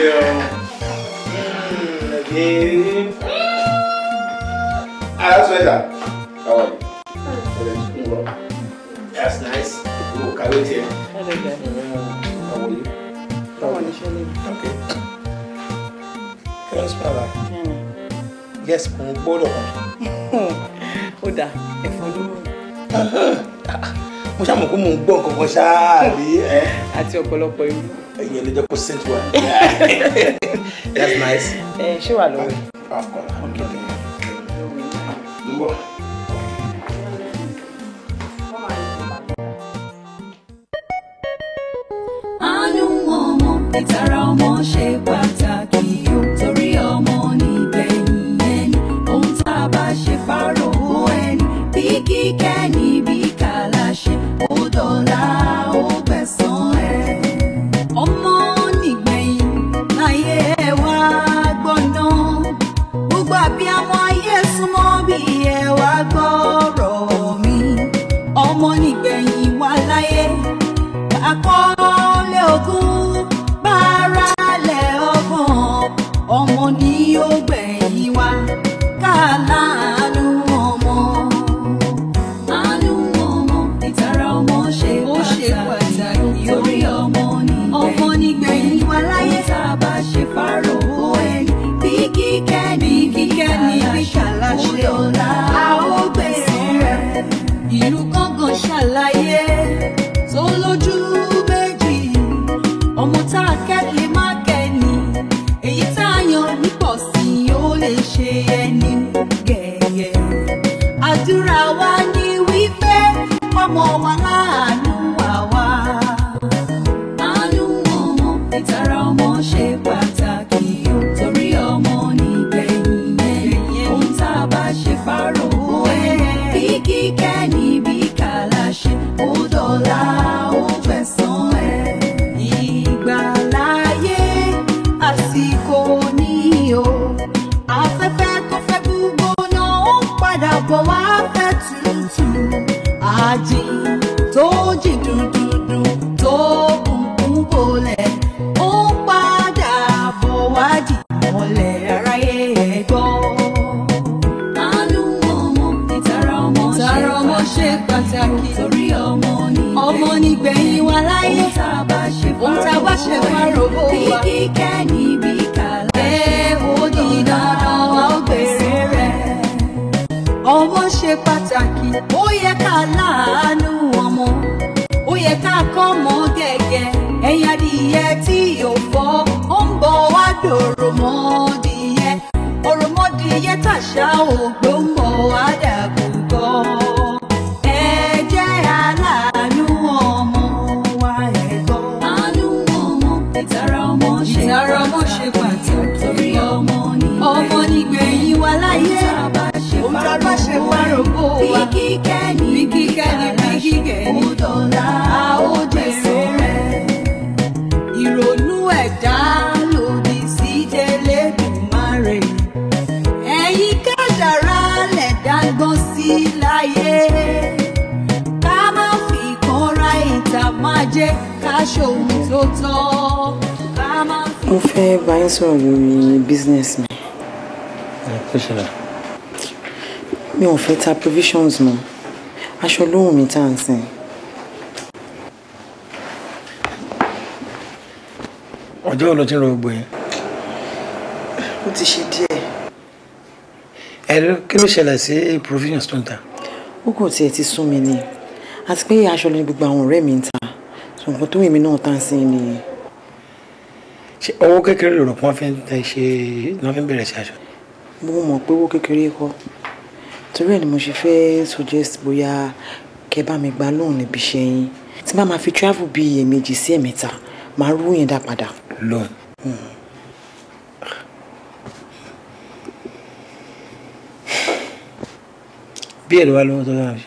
down. Mm, baby. Ah, that's better. How are you? That's nice. Oh, can wait here. Hello, guys. How are you? How are you? Okay. Kí ló ń sọ àlá? Yes, mo ń gbọ́dọ̀ wọn. Ó dà ẹ̀fọn ló mú. Mo ṣàmùkú mo ń gbọ́ nǹkan kan ṣáà rí. Eh? Àti ọ̀pọ̀lọpọ̀ ìlú yẹn ló jẹ́ kó sèǹtì that's nice. ẹ eh, ṣé wà lọ́wọ́. Ah, ah, pàtàkì ó yẹ ká láàánú ọmọ ó yẹ ká kọ́ mọ́ gẹ́gẹ́ ẹ̀yìn adìyẹ tí yóò fọ́ ó ń bọ̀ wá dòròmọdìyẹ òròmọdìyẹ tàṣà ògbó. mo fẹ́ bá yín sọ̀rọ̀ lórí business mi. mi ò fẹ́ ta provisions mọ́ aṣọ lóhùn mi tá à ń sìn. ọjọ́ wo ló ti ń ro gbogbo yẹn. ó ti ṣe díẹ̀. ẹ̀rọ kí ló ṣẹlẹ̀ sí provisions tó ń ta. ó kò tiẹ̀ ti sún mi ni àti pé aṣọ ni gbogbo àwọn ọ̀rẹ́ mi ń ta nǹkan tó wèmí náà tán sí ni. ṣé owó kékeré lòrò pé wọ́n fi ń tẹ ṣe wọ́n fi ń bẹ̀rẹ̀ sí aṣọ. mo mọ̀ pé owó kékeré kọ́ torí ẹ̀ ni mo ṣe fẹ́ suggest bóyá kẹ́ bá mi gba lóhùn níbi iṣẹ́ yín tí bá máa fi travel bí ẹ̀ẹ̀mejì sí ẹ̀ẹ̀mẹ́ta máa rú yẹn dá padà. lóhùn. Hmm. bí èrò wa lówó tó bá wà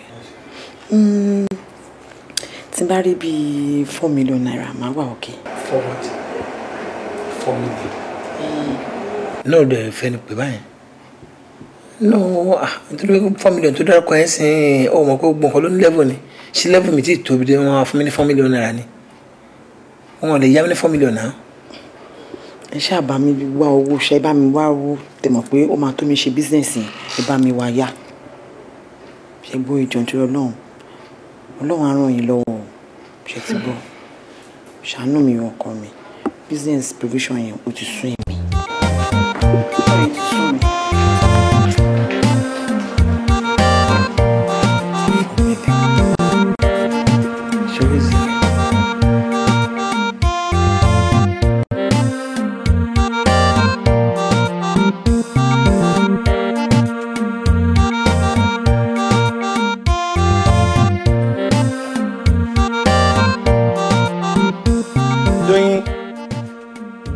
tí n bá rí bíi four million naira máa wà òkè. four what four million. náà hmm. ò dẹ̀ fẹ́ ni pè báyìí no ah nítorí four million tó dárúkọ ẹ̀ sìn ọ́ mọ̀ pé gbọ̀ǹkan ló ní level ni ṣé level mi ti tóbi dé wọn fún mi ní four million naira ni wọn lè yá mi ní four million náà. ẹ ṣáà bá mi wá owó ṣe bá mi wá owó tẹ̀mọ̀ pé ó máa tó mi ṣe bísíǹsì ẹ bá mi wá yá ṣe gbó ìjọ́njú ọlọ́run. Ọlọ́run á ràn yín lọ́wọ́ o. Ṣé ti gbọ́? Ṣàánú mi ọkọ mi. Business provision yẹn ó ti sú yín.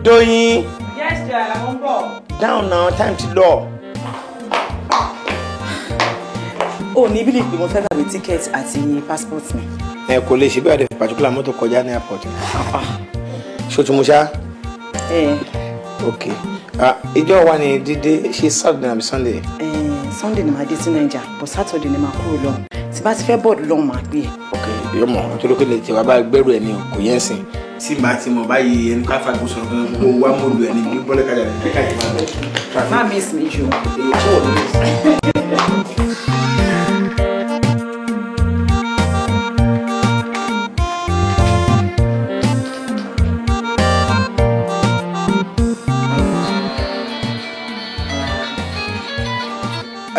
Doyin. Yes, dear, I'm on board. Down now, time to door. O oh, ní bílí pé mo fẹ́ gbàgbé tíkẹ́ẹ̀tì àti passport mi. Ẹ kò lè ṣe bí àdéhùn particular mọ́tò kọjá ní airport. Ṣo tí mo Okay. Ok. Ìjọ wa ni dídé she's Saturday àbí Sunday? Eh, Sunday ni màá dé sí Naija, but Saturday ni màá kúrò lọ. Tí bá ti fẹ́ bọ́ọ̀dù lọ́hùn máa gbé ẹ̀. E. Ok, yóò you nítorí pé lè tẹ̀wá bá gbẹ́rù ẹ̀ ní kò tí n ti mọ̀ báyìí ẹni ká fagbó sọ̀rọ̀ fún mi gbogbo wa mo lu ẹni bí bọ́lẹ̀ kájà rẹ̀ kíkà ìmọ̀ bẹ́ẹ̀. má miss me jù. èyí tó wọ̀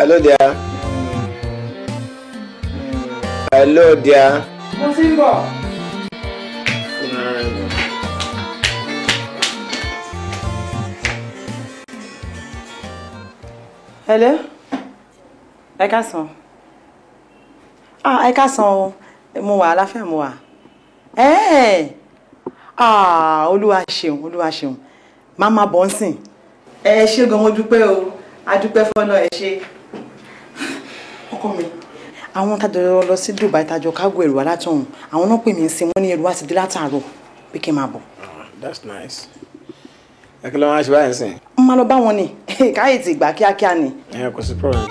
Hello there. Hello there. What's in ń bọ̀. hello ẹ káàsán ah ẹ káàsán o mo wà aláfẹ́ mo wà Eh, ah olúwa ṣeun olúwa ṣeun màmá bọ̀ ń sìn ẹ ṣé gan mo dúpẹ́ o adúpẹ́ fọ́nà ẹ ṣé ọkọ mi àwọn tájọ lọ sí Dubai tájọ kágò ẹrù alátọ̀hún àwọn náà pè mí sí wọn ní ẹrù wá ti dé látàárọ̀ pé kí n máa bọ̀. Ah, that's nice ẹ kí ló wá ṣe báyìí sìn. n máa lọ bá wọn ni káyé ti gbà kíákíá ni. ẹ kò sí problem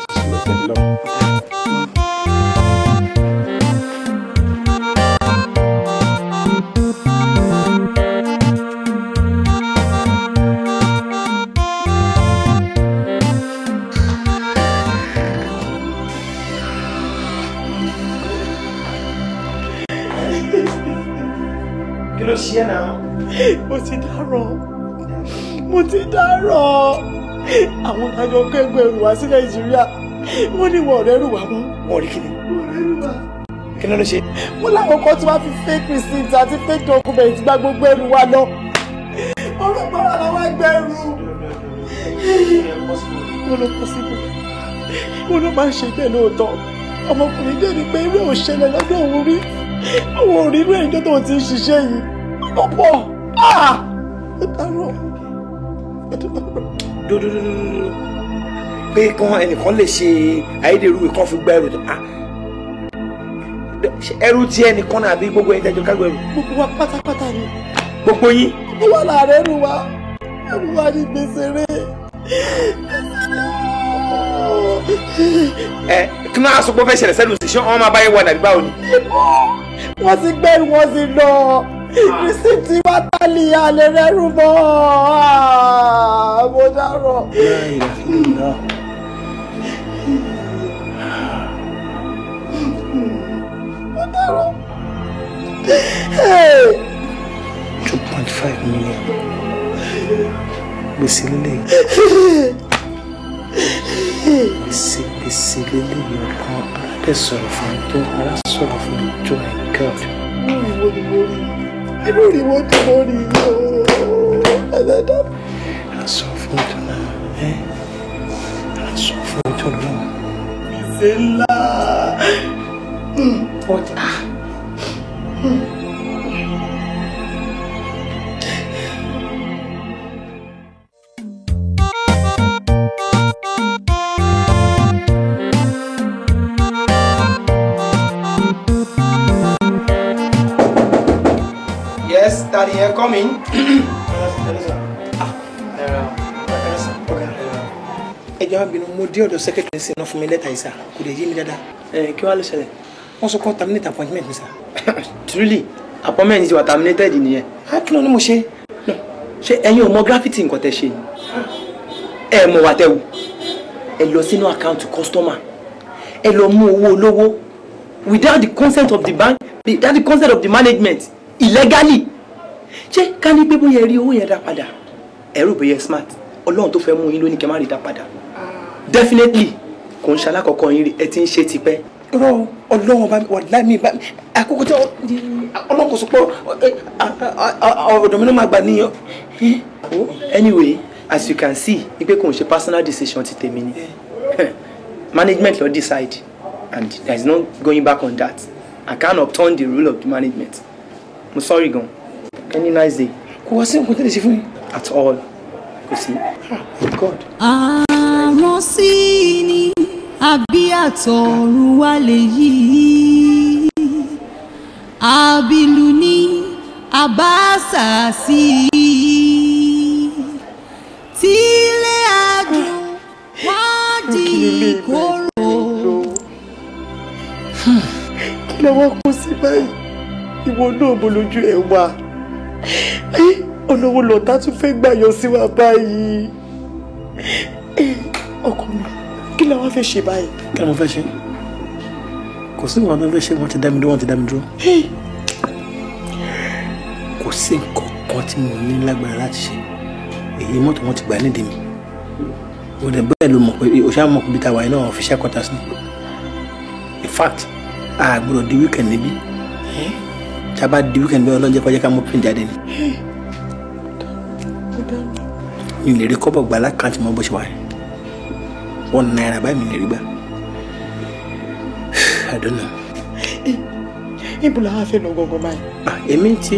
kí ló ṣe náà. mo ti dárò mo ti dárọ̀ àwọn àjọ kẹ́gbẹ́ ẹrù wá sí nàìjíríà wọ́n ní wọ́n ọ̀rẹ́ ẹrù wá mú ọ̀rẹ́ kìíní. kí ló ló ṣe. mo láwọn kan tí wọ́n fi fake receipt àti fake document gba gbogbo ẹrù wa lọ. ọ̀rọ̀ ìpara làwọn ẹgbẹ́ ẹrù. wọ́n ló kọ́ síbò wọ́n ló máa ń ṣe bẹ́ẹ̀ lóòótọ́ ọmọkùnrin dé ni pé irú òṣèlè lọ́dọ̀ òun rí òun ò rí tó ti ń ṣiṣẹ́ yìí ó pọ̀ ah! ó dárò dódódódódó pé kan ẹnìkan lè ṣe ayédèrú ìkan fi gba ẹrù tó ah ẹrù tí ẹnìkan náà àbí gbogbo ẹni tẹjọ kágbó ẹrù. gbogbo wa pátápátá ni. gbogbo yín. wọ́n là rẹ̀ rù wá ẹ̀rù wá ní gbèsè rẹ̀. ẹ kí náà aṣọ pé ó fẹ́ ṣẹlẹ̀ sẹ́nu sí ṣé wọ́n máa báyé wọ nàbí báwo ni. wọ́n ti gbẹ́rù wọ́n ti lọ ìrísí ah. tí bátàlì alẹ́ ah, mo dárọ̀. mo e dárọ̀. two point five million gbèsè lélẹ̀ gbèsè gbèsè lélẹ̀ yìí kan aládẹ sọ̀rọ̀ fún mi tó ara sọ̀rọ̀ fún mi tó my god. mo ní I don't really want to marry you. Alada. Ẹ sọ fún ìtura. Ẹ sọ fún ìtura. Gbèsè ńlá. Ọjà. Daddy, you're coming. Ah, ẹ jọ̀ọ́ bínú mo dé ọ̀dọ̀ secretary sí fún mi lẹ́tà yìí sá kò lè yé mi dáadáa. ẹ eh, kí wàá ló ṣẹlẹ̀. wọ́n sọ kọ́ terminate appointment mi truly appointment ti wà terminated nìyẹn. á ah, kí ló ní mo ṣe. ṣé ẹ̀yin ò mọ graffiti nǹkan tẹ́ ṣe ni ẹ mọ̀ wà tẹ́wù ẹ lọ sínú account customer ẹ lọ mú owó olówó without the consent of the bank without the consent of the management illegally ṣé ká ní pé bóyá rí owó yẹn dá padà ẹ̀rù bóyá smart ọlọ́run tó fẹ́ mú yín lónìí kẹ́ má rí dá padà definitely kò ń ṣalákọ̀ọ́kọ́ yín rí ẹ ti ń ṣe tipẹ́. rọ ọlọ́run bá mi wà láì mi bá mi àkókò tí ọlọ́run kò sọ pé ọ̀dọ̀ mi ló máa gbà níyàn. Oh, anyway as you can see ni pé kò ń ṣe personal decision ti tèmi ni management ló decide and there is no going back on that i can't upturn the rule of the management I'm sorry gan any nice day kò wá sí nǹkan tó lè ṣe fún yín at all kò sí ah, god. àrùn sí ni àbí àtọ̀run wá lè yí àbílù ní àbáṣà sí tílé adùn wá di kóró. kí ló wá kó sí báyìí ìwọ náà mo lójú ẹ wá ọ̀nà wo lọ̀tá tún fẹ́ gbà yọ sí wa báyìí ọkọ mi kí la wá fẹ́ ṣe báyìí. kí la wá fẹ́ ṣe kò sí ìwà náà fẹ́ ṣe wọ́n ti dá mi dúró wọ́n ti dá mi dúró kò sí nǹkan kan tí mo ní lágbára láti ṣe èyí mọ́tò wọn ti gbà nídìí mi mo dẹ̀ bẹ́ẹ̀ ló mọ̀ pé òṣà mọ̀ pé bíta wàyí náà fi ṣe quarters ni in fact a gbọ́dọ̀ di weekend níbí. Eh? tí a bá di weekend bẹ́ẹ̀ ọlọ́jẹ́ kọjá ká mú pin jáde ni. mi lè rí kọ́bọ̀ gbà lákàntì mọ́ bó ṣe wà yẹn wọn náírà báyìí mi lè rí gbà. I don't know. ibo làwọn afẹ́ lọ gọ́gọ́ báyìí. èmi ti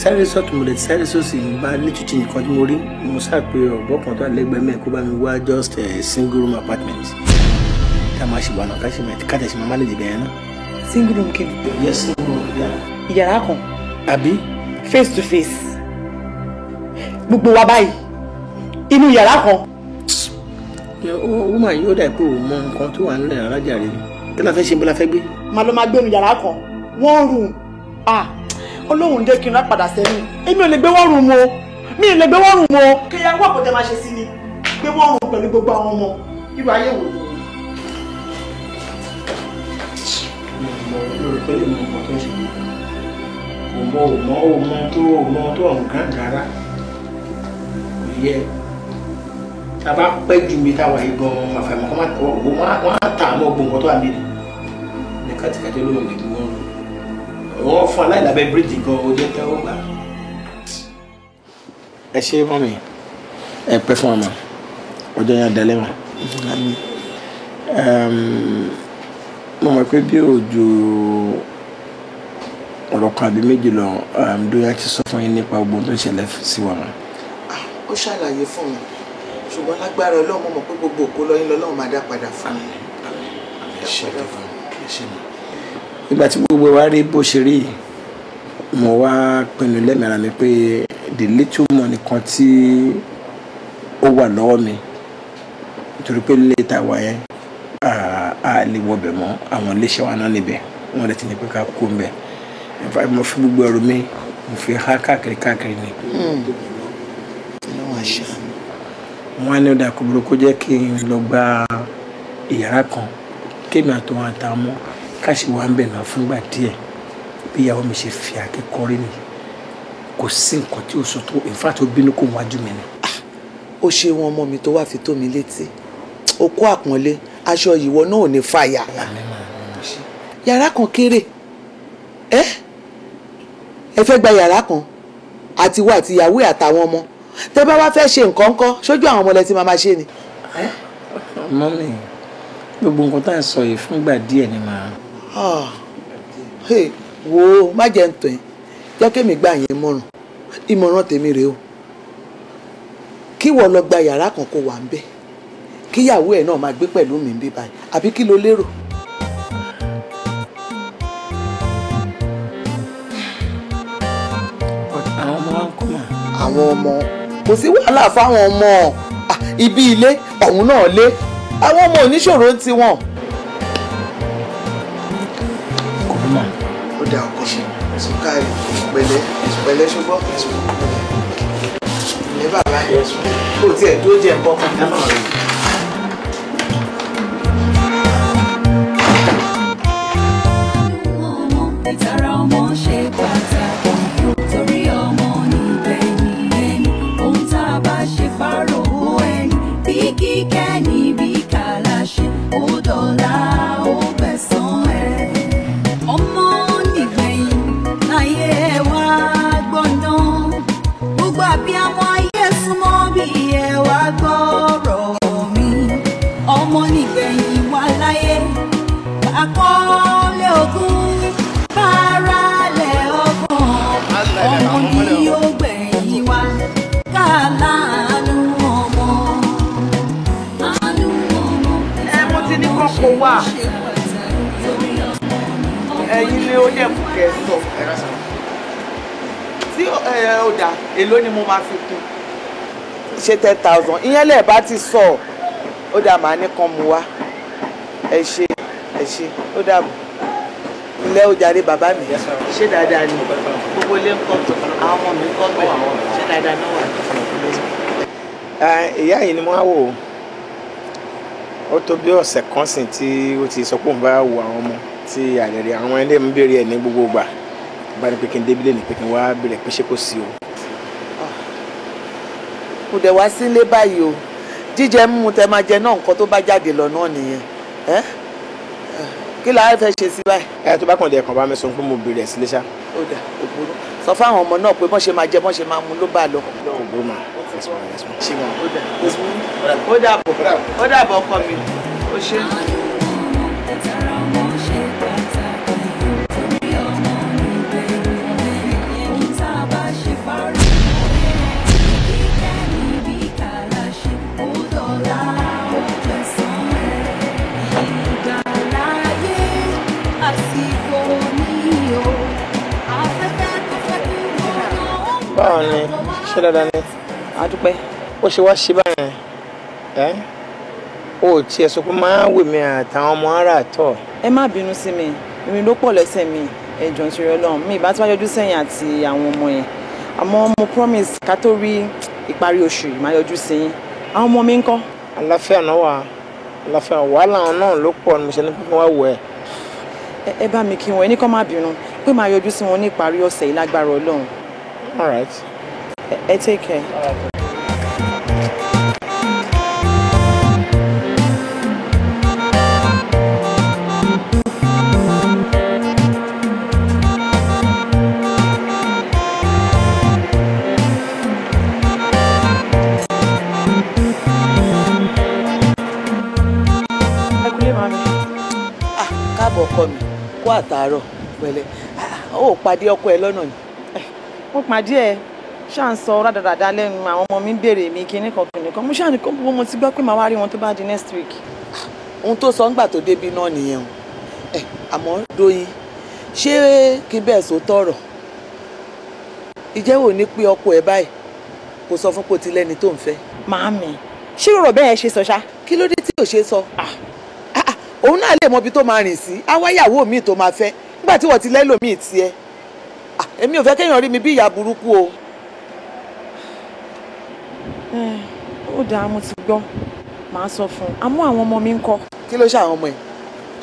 sáré sọ́tún mo lè sáré sọ́sì ń bá létútù nìkan tí mo rí mo ṣàpè ọ̀bọ kan tó àlẹ́gbẹ̀ẹ́ mẹ́ẹ̀ kó bá mi wá just a eh, single room apartment tá a máa ṣe wà náà ká ṣe mẹ́ẹ̀ ká tẹ̀sí máa má lè dìbẹ̀ yẹn single room kìíní. yes single room yàrá yàrá kan. àbí. face to face gbogbo wa báyìí inú yàrá kan. wúmà yóò dà pé òun mọ nǹkan tó wà nílẹ̀ arájà rẹ̀ kí la fẹ́ ṣe bó la fẹ́ gbé. màá lọ máa gbé inú yàrá kan one room ah olóhùn dé kí n rà padà sẹ́yìn èmi ò lè gbé one room o mi ò lè gbé one room o. kéèyàn wà kó tẹ máa ṣe sí ni gbé one room pẹ̀lú gbogbo àwọn ọmọ irú ayé wo ni. mo mọ lórí pé èmi ò mọ tó ń ṣe yìí òmò òmò òmò tó òmò tó ọ̀hún kan rárá kò yẹ tàbá pẹ́ ju mi táwa yìí gan àfàìmọ̀ kọ́ máa tọ́ òun wọ́n á ta àmọ́ gbòǹkan tó wà nílé ní kàtìkàtì olóhùn lè gbowó lò wọ́n fún aláìlábẹ́ bíríìjì gan ó jẹ́ o gbà. ẹ ṣe mọ́ mi ẹ pẹ́ fún ọmọ ọjọ́ yẹn dalẹ́ mọ́ mo mọ̀ pé bí òjò ọ̀rọ̀ kan àbí méjì lọ dóyà um, ti sọ fún yín nípa gbogbo tó ṣẹlẹ̀ sí wa. ó ṣàlàyé fún mi ṣùgbọ́n lágbára ọlọ́run mọ̀ pé gbogbo òkú lọ́yìn lọ́lọ́run máa dá padà fún mi. nígbà tí gbogbo wa rí bó ṣe rí mo wá pinnu lẹ́mìíràn mi pé the little money kan tí ó wà lọ́wọ́ mi nítorí pé létà wà yẹn a lè wọbẹ̀ mọ́ àwọn iléeṣẹ́ wa náà níbẹ̀ wọ́n lè ti ní pé ká kó ń bẹ̀ in fact mo fi gbogbo ẹrù mi mo fi há káàkiri káàkiri ni. wọ́n á ní ọ̀dà kò burúkú jẹ́ kí n lọ gba ìyàrá kan kémi àtọ̀wọ̀n àtàwọn káṣí wa ń bẹ̀ náà fúngbà díẹ̀ bí ìyàwó mi ṣe fi àkẹ́kọ̀ọ́rí ni kò sí nǹkan tí o sọ tó in fact o bínú kò wájú mi ni. Ah, ó ṣe wọn ọmọ mi tó wá fi tó mi létí o kó àpọ́nlé aṣọ ìwọ náà ò ní fàyà yàrá kan kéré ẹ́ eh? ẹ fẹ́ gba yàrá kan àtiwọ àti ìyàwó àtàwọn ọmọ tẹ bá wá fẹ́ ṣe nǹkan ńkọ́ sójú àwọn ọmọlẹ tí màmá ṣe ni. mọ́mí gbogbo nǹkan tá à ń sọ yìí fúngbà díẹ̀ ni màá. Ah, wo má jẹ́ ń tàn ẹ́ jẹ́ kémi gbà yẹn mọ̀ràn ìmọ̀ràn tèmi rèé o kí wọ́n lọ gba yàrá kan kó wà ń bẹ̀ kíyàwó ẹ̀ náà máa gbé pẹ̀lú mi ń bí báyìí àbí kí lo lérò. àwọn ọmọ kò sí wàhálà fáwọn ọmọ ibi ilé ọ̀hún náà lé àwọn ọmọ oníṣòro ń tiwọn. kòrónà ó dá ọkọ mi sùkárì pẹ̀lẹ́ pẹ̀lẹ́ ṣùgbọ́n pẹ̀lẹ́ bàbá yẹn kò tiẹ̀ tó jẹ nǹkan kan náà. ṣe ten thousand ìyẹn lè bá ti sọ ó dà máa ní kan mu wá ẹ ṣe ẹ ṣe ó dà mọ́ ilé ó jàre bàbá mi ṣé dáadáa ni gbogbo ilé ń kọ́ tó àwọn ọmọ mi kọ́ bẹ̀ ṣé dáadáa náà wà. ìyá yìí ni mo á wò ó ó tó bí ọ̀sẹ̀ kan sìn tí ó ti sọ pé òun bá wo àwọn ọmọ tí àlẹ́ rẹ̀ àwọn ilé ń béèrè ẹ̀ ní gbogbo ìgbà bá ní pé kí n débílẹ̀ ní pé kí n wá béèrè pé ṣé kò sí o kò dẹ̀ wá sílé báyìí o jíjẹ mímu tẹ máa jẹ náà nǹkan tó bá jáde lọ náà nìyẹn ẹ kí la fẹ́ ṣe sí báyìí. ẹ tó bá kàn dé ẹ̀kan bá mi sọ pé mo bèrè ẹ̀ sílé ṣá. ó dà òbúrò sọ fáwọn ọmọ náà pé bọ́n ṣe máa jẹ bọ́n ṣe máa mu ló bá lọ. òbúrò mà ó dà bọ̀ ó dà bọ̀ ọkọ mi ó ṣe. báwo ni ṣé dáadáa ni. àdúpẹ́. ó ṣe wá ṣe báyẹn ẹ o ò tiẹ̀ sọ pé máa wè mí àtàwọn ọmọ ara àtọ̀. ẹ má bínú sí mi èmi ló pọ̀ lẹ́sẹ̀ mi ẹ̀jọ̀ nítorí ọlọ́run mi ìbá tí wàá yọjú sẹ́yìn àti àwọn ọmọ yẹn àmọ́ mo promise ká tó rí ìparí oṣù yìí máa yọjú sí yín àwọn ọmọ mi ń kọ́. àlàáfíà náà wà àlàáfíà wàhálà àwọn náà ló pọ̀ ní mo ṣe ní pípín wá wọ̀ ẹ́. ẹ bá mi kí wọn ẹ ní kó má bínú pé máa yọjú sí wọn ní ìparí ọ̀sẹ̀ yìí lágbára ọlọ́run All right. It's okay. care. Ah, káàbọ̀ ọkọ mi kó àtàárọ̀ pẹ̀lẹ́ ah, ó pàdé ọkọ ẹ mo pàdé ẹ ṣáà ń sọ rádaràda lẹ́nu àwọn ọmọ mi ń béèrè mi kinní kan kinní kan mo ṣáà ní kó gbogbo mo ti gbọ́ pé màá wá rí wọn tó bá di next week. ohun tó sọ ńgbà tó débi náà nìyẹn o ẹ àmọ́ Dóyin ṣé kí bẹ́ẹ̀ sọ tọ̀rọ̀ ìjẹ́wò ní pé ọkọ ẹ báyìí kò sọ fún pé o ti lẹ́ni tó ń fẹ́. màámi ṣé rọ̀rọ̀ bẹ́ẹ̀ ṣe sọ ṣá. kí ló dé tí ò ṣe sọ. Ah. Ah, ah, òun náà lè mọ ibi tó máa rìn sí á wá ìyàwó mi tó máa fẹ́ nígbà tí wọ́n ti lẹ́lòmíì tiẹ̀ èmi ò fẹ́ kéèyàn rí mi bí ìyá burúkú o. ó dáa mo ti gbọ́ màá sọ fún un àmọ́ àwọn ọmọ mi ń kọ́. kí ló ṣe àwọn ọmọ ẹ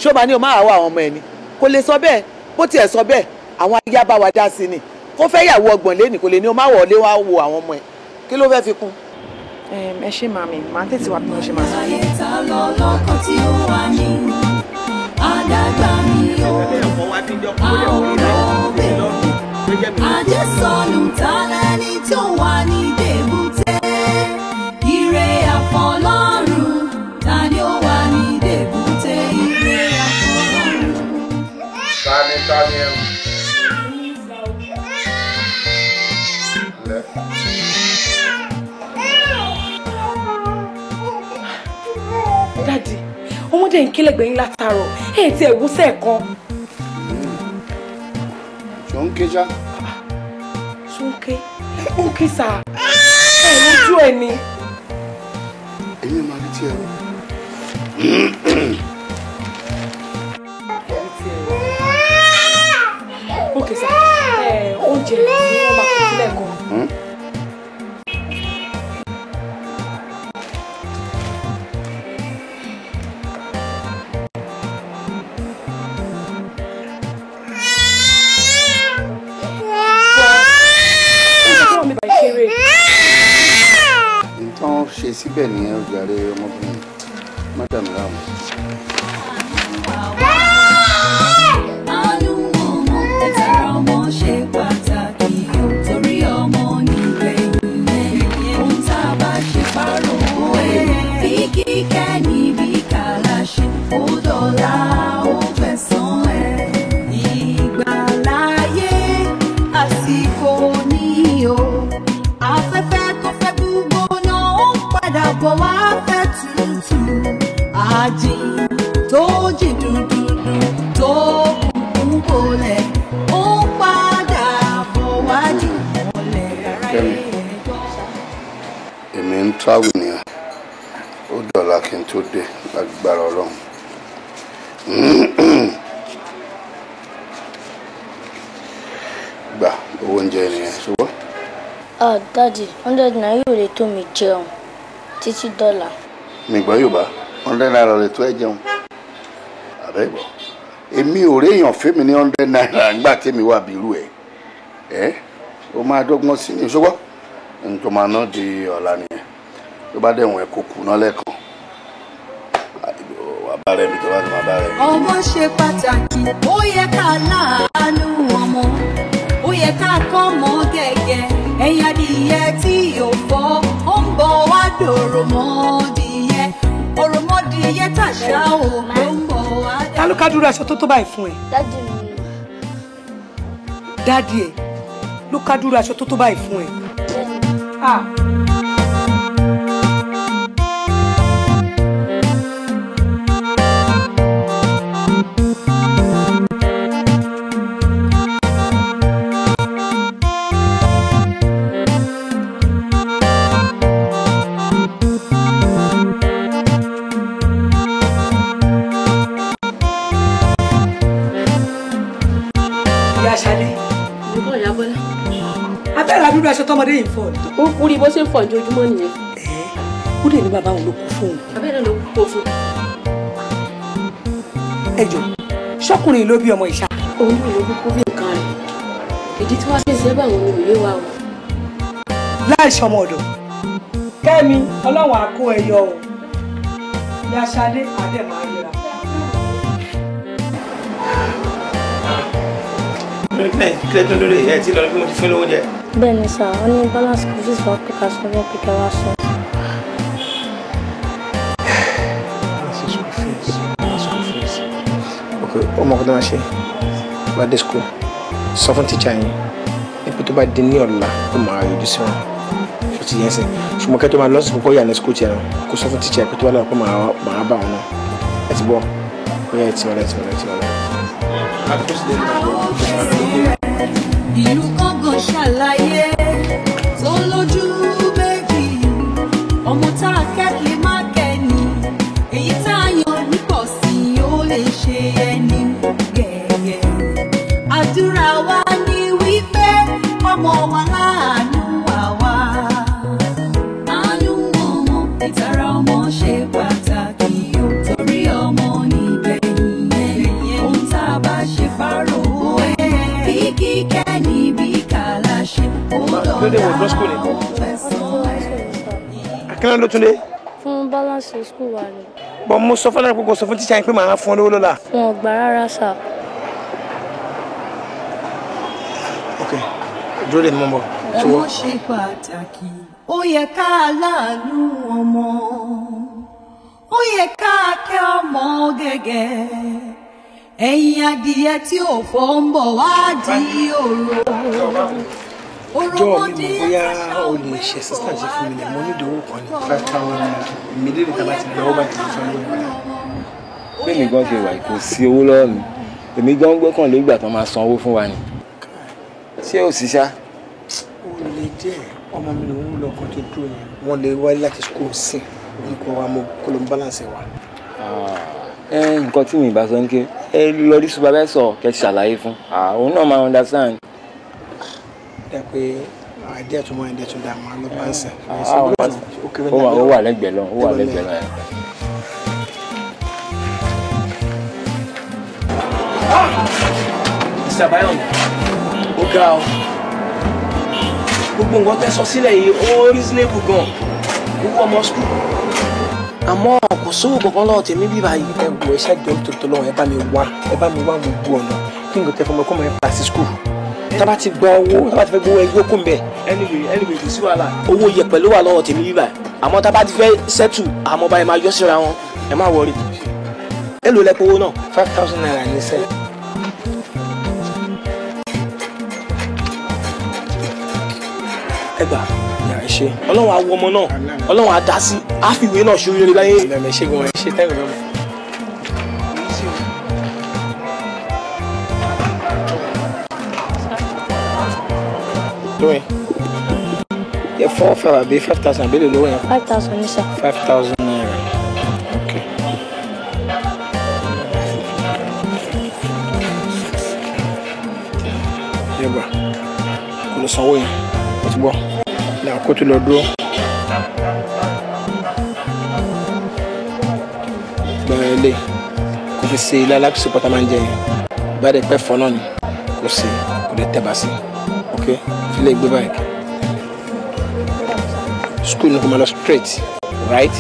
ṣó máa ní o máa wá àwọn ọmọ ẹ ni kò lè sọ bẹ́ẹ̀ bó tiẹ̀ sọ bẹ́ẹ̀ àwọn ayaba wa dá sí ni kó fẹ́ yàwó ọgbọ̀n lé ní kò lè ní o máa wọlé wá wo àwọn ọmọ ẹ kí ló fẹ́ fi kún. ẹ ṣe màmí màá tètè wá bí mo ṣe máa sọ. ayé ta lọ lọkọ tí ó wà ní jẹ́ mi. àjẹsọ̀lù ta lẹ́ni tó wà ní dèbúté ire àfọlọ́run ta ni ó wà ní dèbúté ire àfọlọ́run. tani tani ẹ wò. dadi ọmọdé ń kílẹ̀gbẹ́ yín látàárọ̀ ẹ̀ tí ẹ̀ wúṣẹ̀ kan. jọ ń ké já tún ké ó ń ké sà ẹ lójú ẹ ni. èmi máa rí tí ẹ rò. ó ké sà bá ṣeré. nǹkan ṣe síbẹ̀ nìyẹn ojàre ọmọbìnrin mádàmí láwọn. dáàdì hundred naira yóò lè tó mi jẹun títí dọ́là. mi gbọ́ yorùbá hundred naira lè tó ẹ jẹun àbẹ́ ìbọ̀ èmi ò réèyàn fẹ́mi ní hundred naira ńgbà tẹ́mi wà bí irú ẹ̀ ẹ́ o máa dọ́gbọ́n sí ní ṣùgbọ́n nítorí máa ná di ọ̀la nìyẹn tó bá dẹ̀wọ̀n ẹ̀ kó kù náà lẹ́ẹ̀kan bá rẹ mi tó bá tó máa bá rẹ mi. ọmọ ṣe pàtàkì ó yẹ ká láàánú ọmọ ó yẹ ká kọ́ mọ́ gẹ́gẹ́ ẹ̀yìn adìyẹ tí yóò fọ́ ó ń bọ̀ wá dòrò mọ́dìyẹ òròmọdìyẹ tàṣà ò ló ń bọ̀ wá. ta ló ká aṣọ tó tó báyìí fún ẹ. dádì ẹ ló ká aṣọ tó tó báyìí fún ẹ. ah. bí aṣọ tọmọdé yìí fọ ni. ó kúri bó ṣe ń fọ ojoojúmọ́ nìyẹn. ẹ ó dè ní bàbá òun ló kú fóun. bàbá náà ló kú fóun. ẹ jọ ṣọkùnrin ló bí ọmọ ìṣá. òun náà ló kúkú bí nǹkan rẹ ìdí tí wàá ṣèṣe bá àwọn olùyé wa o. láì ṣọmọ ọ̀dọ̀. kẹ́mi ọlọ́run àkó ẹyọ o ìyá ṣadé àdèmọ ayọ. lórí náà kílẹ̀ tó lórí ẹ̀ tí lọ bí mo ti fún lówó jẹ. bẹ́ẹ̀ni sá ó ní balance kò sí sọ pé ká sọ bẹ́ẹ̀ pé ká wá sọ. ọmọ ọkọ tó máa ṣe bá dé school sọ fún tíṣà yín ipò tó bá dé ní Come ó máa yọjú sí wọn ó ti yẹn sìn ṣùgbọ́n kẹ́tọ́ máa lọ́sùn kókó yà ní school tiẹ̀ náà kó sọ fún tíṣà ipò tó bá lọ́wọ́ pé màá bá wọn náà ẹ ti bọ́ ó yẹ ẹ ti wọlé ẹ ìlú kọ́ngàn ṣàlàyé tó lójú méjì ọmọ tó. Túndé wò lọ school ni. akínlẹ̀ ló Túndé. fún balance school wa ni. bọ́ mo sọ fún aláàpọ̀ sọ fún tíṣà yín pé màá fún ọ lówó lọ́la. wọn ò gbà rárá sà. ok dúró dè mí mọ́ bọ̀. ọmọ ṣe pàtàkì ó yẹ ká láàánú ọmọ ó yẹ ká kẹ́ adìyẹ tí ò fọ́ ń bọ̀ wá di òru jọ mi mọ bóyá o lè ṣe sísá ṣe fún mi ni mo nílò owó kan ní five thousand naira immediately tá a bá ti gba ọba ìdílé fún mi. pé mi gan ṣe wà kò sí owó lọ́wọ́ mi èmi gan gbọ́kàn lé ìgbà tó máa san owó fún wa ni. ṣé o sì ṣá. o lè díẹ̀ ọmọ mi lòún lọ kan tó dúró yẹn wọ́n lè wáyé láti kó o sìn ní kó wa mo kó ló ń balance wa. Ah, ẹ nǹkan tí mi ì bá sọ ni pé ẹ lọ rí supervisor kẹ́ ṣàlàyé fún ah, òun náà máa understand dẹ pé àìdíẹ̀ tó mọ àìdíẹ̀ tó dà máa lọ bá ń sìn. Ah, ah, ó wà lẹ́gbẹ̀ẹ́ lọ ó wà lẹ́gbẹ̀ẹ́ lọ. ìsàbáyọ̀ ah! ó ga ọ gbogbo nǹkan tẹ́ sọ sílẹ̀ yìí ó reasonable gan owó ọmọ school àmọ́ kò sówó kankan lọ́wọ́ tèmi bí báyìí. ẹ wo iṣẹ́ ìjọ tó tọ́ lọ́wọ́ ẹ bá mi wá ẹ bá mi wá gbogbo ọ̀nà kí n kò tẹ fọmọ kọ́mọ ẹ pa sí tábà ti gba owó tábà ti fẹ́ gbowó ẹgbẹ́ òkun bẹ̀. anyway anyway kò sí wàhálà. owó yẹpẹ̀ ló wà lọ́wọ́ tèmi bíbà àmọ́ tábà ti fẹ́ sẹ́tù àmọ́ báyìí máa yọ síra wọn ẹ má wọrí. èlò lẹ́pọ̀ owó náà five thousand naira ní sẹ́lẹ̀. ẹ gbà ẹ ṣe ọlọ́run á wọ ọmọ náà ọlọ́run á dá sí á fìwé náà ṣoríire láyé. ẹ ṣe gan ẹ ṣe tẹ́lẹ̀ náà. tó yẹn yẹ four five àbí five thousand àbí lè lówó yẹn. five thousand ní five thousand naira ok. yẹ gbà kò lè sanwó yẹn o ti bọ̀ ní àkótó lọ dúró. gbọ́n ilé kò fi se ilé alákìsí pátá máa ń jẹ yẹn bá dẹ̀ pẹ́ fọ́ náà ni kò sí kò ok filẹ̀ gbé báyìí school ni kò máa lọ straight right.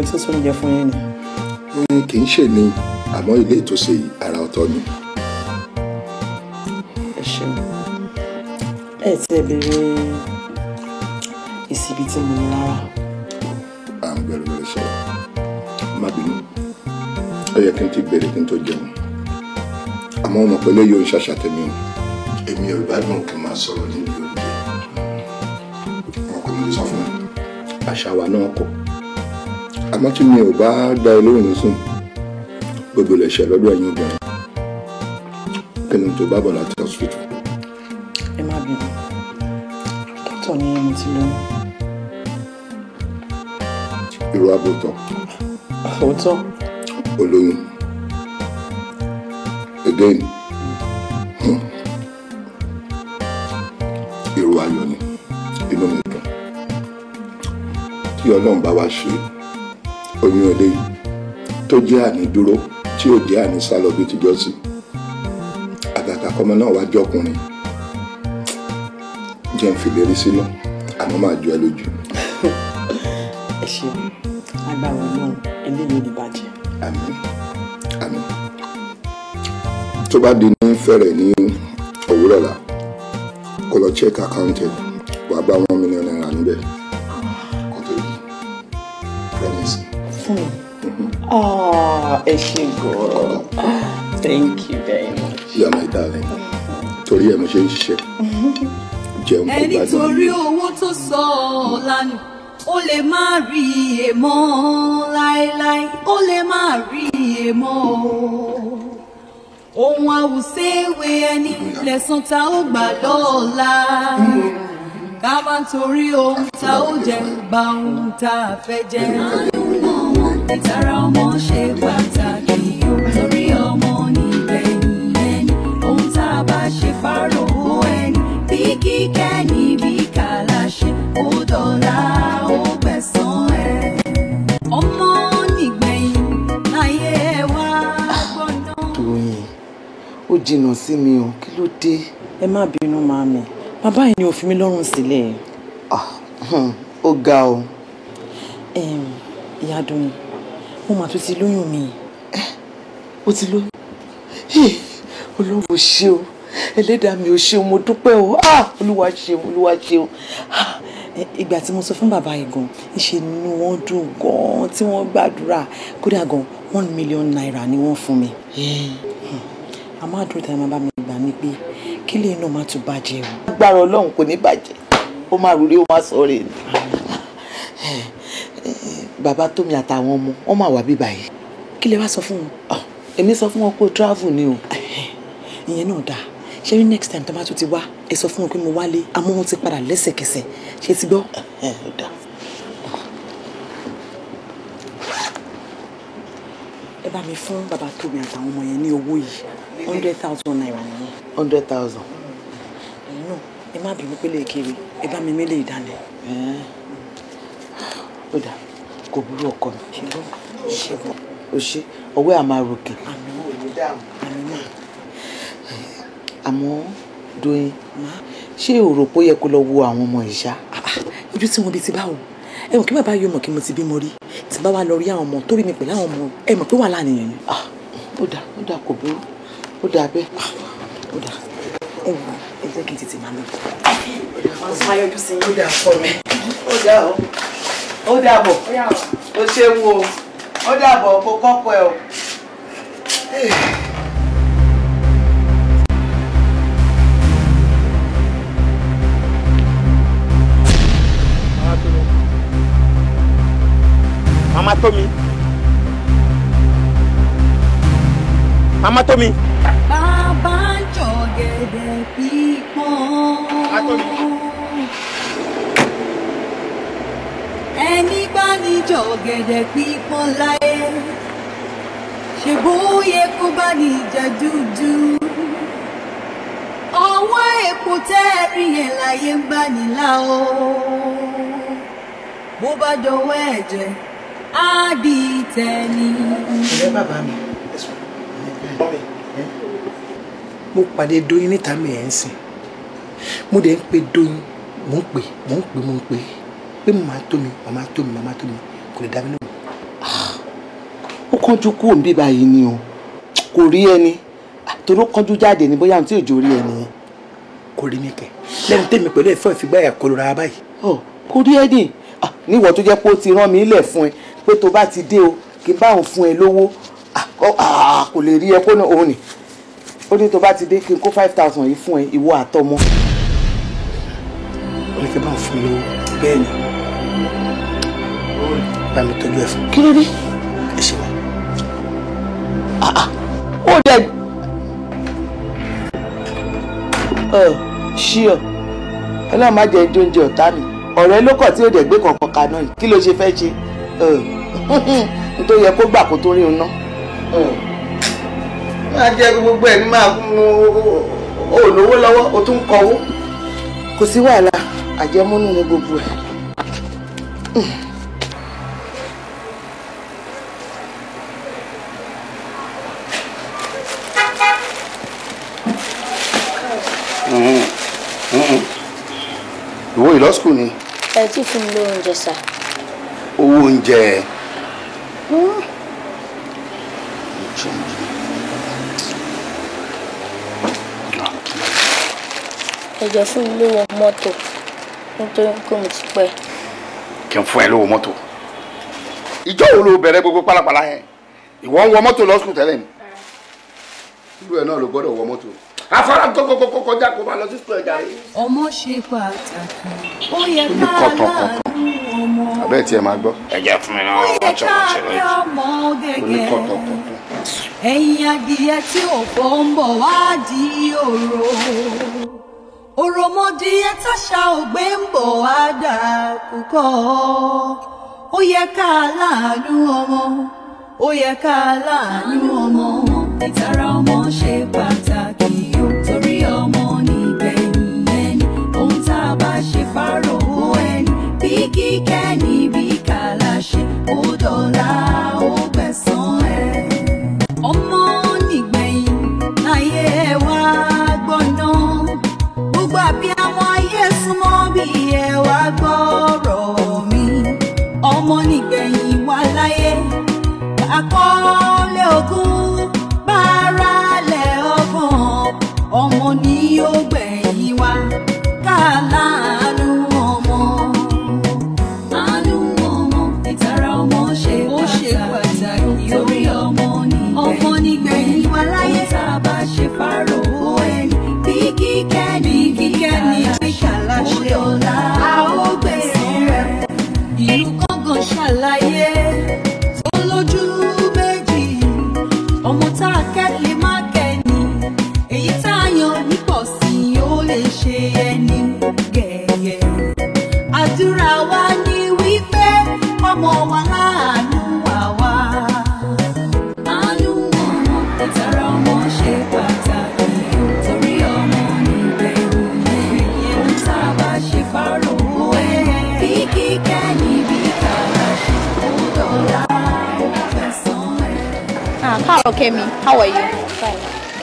mo ti ń sọ oúnjẹ fún yín ni. kì í ṣe ni àmọ́ ilé ìtòsí ara ọ̀tọ̀ ni. ẹ ṣeun ẹ ti ẹ béèrè èsì tí mo ní à ń bẹ̀rù bẹ̀rù sọ̀rọ̀ má bínú ó yẹ kí n ti béèrè kí n tó jẹun àmọ́ ọmọ pẹ̀lú yóò ń ṣàṣàtẹ̀mí o èmi ò gbádùn kí n máa sọ̀rọ̀ níbi oúnjẹ ọkùnrin sọ fún mi àṣà wa náà kọ̀ àmọ́ tí mi ò bá gba olóòrùn sùn gbogbo lè ṣe lọ́dọ̀ ẹ̀yin obìnrin kí ni tó bá bọ̀ láti hospital. ẹ má bínú dókítà ni mo ti lóyún. irú abótọ́. òótọ́. olóyún. again. irú ayọ̀ ni inú mi dùn tí ọlọ́run bá wá ṣe é ìpàdé yìí tó jẹ́ àní dúró tí ò jẹ́ àní sálọ bí tìjọ́ sí àgàgà kọ́mọ náà wá jọkùnrin jẹ́ ń fìlérí sínú àmọ́ máa jọ ẹ lójú. ẹ ṣe agbára náà ẹlẹ́ni ò ní bàjẹ́. àmín àmín tó bá di ní fẹ̀rẹ̀ ní òwúrọ̀ la kó lọ check account ẹ̀ wàá bá one million naira níbẹ̀. fún mi. Ah, ẹ ṣe thank you very much. you my darling torí ẹ mo ṣe ń ṣiṣẹ́ ẹni torí owó tó sọ lánàá ó lè má rí èèmọ e láéláé ó lè má rí èèmọ e ohun àwùséwé ẹni lẹ̀san tá ó gbà lọ́la ká má torí ohun tá ó jẹ bá ohun tá fẹ́ jẹ ìtara ọmọ ṣe pàtàkì o ọmọ nígbẹ̀yìn ẹni ohun tá a bá ṣe fárò ẹni bí kíkẹ́ níbi kàláṣe ó dọ̀la ó gbẹ̀san ẹ̀. ọmọ nígbẹ̀yìn láyé ẹ wá gbọ́dọ̀. Tóyìn ó jìnnà sí mi o kí ló dé. ẹ má bínú màmí bàbá yìí ni ò fi lọ́rùn sílẹ̀. Ah, ó ga o. ìyá Dóyin mo mà tún ti lóyún mi eh, ó ti lóyún olówó ṣe o ẹlẹ́dàá mi ò ṣeun mo dúpẹ́ o ah, olúwa ṣeun olúwa ṣeun ah, ìgbà tí mo sọ fún bàbá yìí gan ìṣe inú wọn dùn gan tí wọ́n gbàdúrà kódà gan one million naira ni wọ́n fún mi àmọ́ hmm. àdúrà tí wọ́n bá mi gbà mí pé kí lè náà má tún bàjẹ́ o. agbára ọlọ́run kò ní bàjẹ́ ó máa rúrí ó máa sọ rè ni bàbá tómi àtàwọn ọmọ wọn máa wà bí báyìí kí lè wá sọ fún wọn. Ah, èmi sọ fún wọn pé o travel ni o. ìyẹn náà dáa ṣé rí next time tó bá tún ti wá ẹ sọ fún wọn pé mo wálé àmọ́ wọn ti padà lẹ́sẹ̀kẹsẹ̀ ṣé ti gbọ́. ẹ bá mi fún bàbá tómi àtàwọn ọmọ yẹn ní owó yìí hundred thousand naira nìyẹn. hundred thousand. ẹ̀yin náà ẹ má bínú pé lè kéré ẹ bá mi mélé ìdánilẹ̀. ó dáa kò burú ọkọ mi ṣùgbọ́n ṣùgbọ́n o ṣe ọwọ́ àmà ròkè àmọ́ doyin ṣé o rò pé ó yẹ kó lọ wo àwọn ọmọ ìṣá. ojú tí wọn bí ti bá wò ẹ mọ̀ kí bàbá yóò mọ̀ kí mo ti bímọ rí tí bá wa lọ rí àwọn ọmọ tó rí mi pẹ̀lú àwọn ọmọ ẹ mọ̀ pé wà lánìyàn ni. ó dà ó dà kò burú ó dà bẹ́ẹ̀ ó dà. ẹ wò ẹ jẹ́ kí n tètè máa lọ. wọ́n sọ ayọ́jú sí i. ó dà fọ́ mi ó dà ó. O ó dàbọ̀ ó ṣeun o ó dàbọ̀ kó kọ́kọ́ ẹ o. Mama Tomi. Mama Tomi. jọ̀gẹ̀dẹ̀ pípọ́n láyé ṣe bóyá kó bá ní ìjà dúdú ọwọ́ epo tẹ́ẹ̀rí yẹn láyé ń bá nílá o bó bá dọwọ́ ẹ̀jẹ̀ á di tẹni. ọ̀rẹ́ bàbá mi mo pàdé Doyin níta mi ẹ̀ ń sìn mo dẹ̀ ń pe Doyin mò ń pè mò ń pè mò ń pè pé mo tó mi màmá tó mi màmá tó mi kò lè dá ah, ó kánjú kúrò ń bí báyìí ni o kò rí ẹni ah, torí ó kánjú jáde ni bóyá àwọn tí èjò rí ẹni yẹn kò rí mi kẹ lẹ́nu tèmi pẹ̀lú ẹ̀fọ́ ìfigbá ẹ̀ kó lóra báyìí. ọ oh, kò rí ẹni ah, níwọ tó jẹ́ pé ó ti rán mi ilẹ̀ fún ẹ pé tó bá ti dé o kí n bá òun fún ẹ lówó kò lè rí ẹ kó náà òun ni ó ní tó bá ti dé kí n kó five thousand yìí fún ẹ ìwọ àtọmọ. ó ní kí n bá òun fún mi lówó bẹ́ẹ̀ ni bá mi tọ́jú ẹ̀ fún kí ló dé ẹ ṣe wá. Ah, ah. ó dẹ ṣí ọ ọlọ́run má jẹ́ ẹjọ́ oúnjẹ ọ̀tá mi ọ̀rẹ́ ló kọ̀ tí ò dẹ̀ gbé kọ̀ọ̀kan kaná yìí kí ló ṣe fẹ́ ṣe n tó yẹ kó gbà kó tó rí un ná. máa jẹ gbogbo ẹ̀ ní máa mú olówó lọ́wọ́ o tún kọ́wó. kò sí wàhálà àjẹmúnú ni gbogbo ẹ̀. lọ́sùkù ni. ẹ tí fún mi lówó oúnjẹ sà. owó oúnjẹ. Hmm. ẹ̀jẹ̀ fún mi lówó mọ́tò nítorí pé mo ti pẹ́. kí n fún ẹ lówó mọ́tò. ìjọ wo ló bẹ̀rẹ̀ gbogbo pálapàla yẹn ìwọ ń wọ mọ́tò lọ́sùkù tẹ́lẹ̀ ni. ìlú ẹ náà ló gbọ́dọ̀ wọ mọ́tò afárá kọ́kọ́kọ́ kọjá kó máa lọ sí sùkúl ẹ̀dá rẹ̀. ọmọ ṣe pàtàkì ó yẹ ká láàánú ọmọ. abẹ́ẹ̀ tí ẹ máa gbọ́. ẹ fún mi náà wọ́n ṣe wọ́n ṣe lọ́yìn. oníkọ̀tọ̀kọ̀tọ̀. ẹ̀yin adìyẹ tí òpó ń bọ̀ wá di òró òròmọdìyẹ táṣà ògbé ń bọ̀ wá dà kúkọ́ ó yẹ ká láàánú ọmọ ó yẹ ká láàánú ọmọ ìtara ọmọ ṣe pàtàkì. Geek.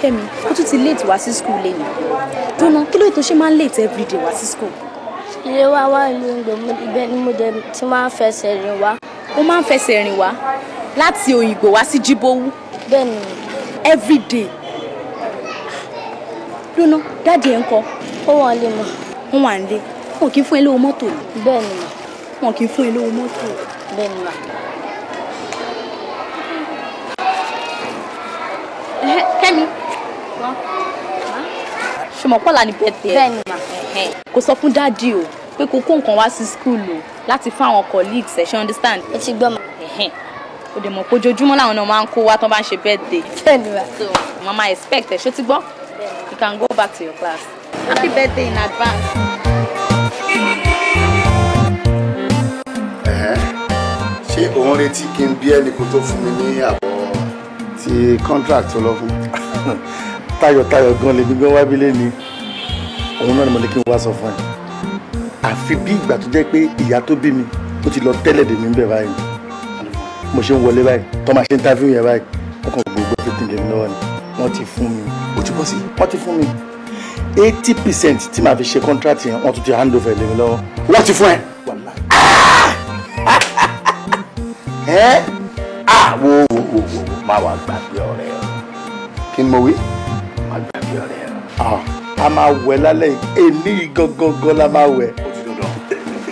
Fẹ́mi ó tún ti late wá sí school lẹ́nu dúnà kí lóye tó ṣe máa ń late everyday wá sí school. ilé wa wà ní òyìnbó ibẹ̀ ni mo dẹ̀ ti máa ń fẹsẹ̀ rìn wá. ó máa ń fẹsẹ̀ rìn wá láti òyìnbó wá sí jíbówú. bẹ́ẹ̀ni. everyday. dúnà dáàdi ẹ̀ ń kọ́. ó wà lè mọ̀. wọ́n wà lé wọn kì í fún ẹ lówó mọ́tò ni. wọn kì í fún ẹ lówó mọ́tò. bẹ́ẹ̀ni ma. ṣọmọ pọ́lá ní bẹ́tẹ̀ bẹ́ẹ̀ni ma kò sọ fún dáàdì o pé kò kó nǹkan wá sí school o láti fún àwọn colleagues ẹ̀ ṣe understand. ẹ ti gbọ́ ma. o dẹ̀ mọ̀ pé ojoojúmọ́ làwọn náà máa ń kó wá tán bá ń ṣe bẹ́ẹ̀dẹ̀. so mama expect ẹ ṣó ti gbọ́ you can go back to your class happy birthday in advance. ṣé òun retí kí n bí ẹnì kó tó fún mi ní àbọ̀ ti contract tó lọ fún. tayọ̀tayọ̀ gan lèmi gan wá bílé ni òun náà ni mo ní kí n wá sọ fún ẹ àfi bí ìgbà tó jẹ́ pé ìyá tó bí mi ó ti lọ tẹ́lẹ̀ dè mí bẹ̀ báyìí mo ṣe ń wọlé báyìí tó máa ṣe ń interview yẹn báyìí ọkàn gbogbo tó ti lọ́wọ́ ni wọ́n ti fún mi ó ti bọ́ sí wọ́n ti fún mi eighty percent tí màá fi ṣe contract yẹn wọ́n tún ti hand over lè lọ́wọ́ wọ́n ti fún ẹ. ẹ ah, wo wo wo wo má gbàgbé ọ̀rẹ́ kí ni mo wí. Ah, a máa wẹ̀ lálẹ́ èmi gangan la máa wẹ̀.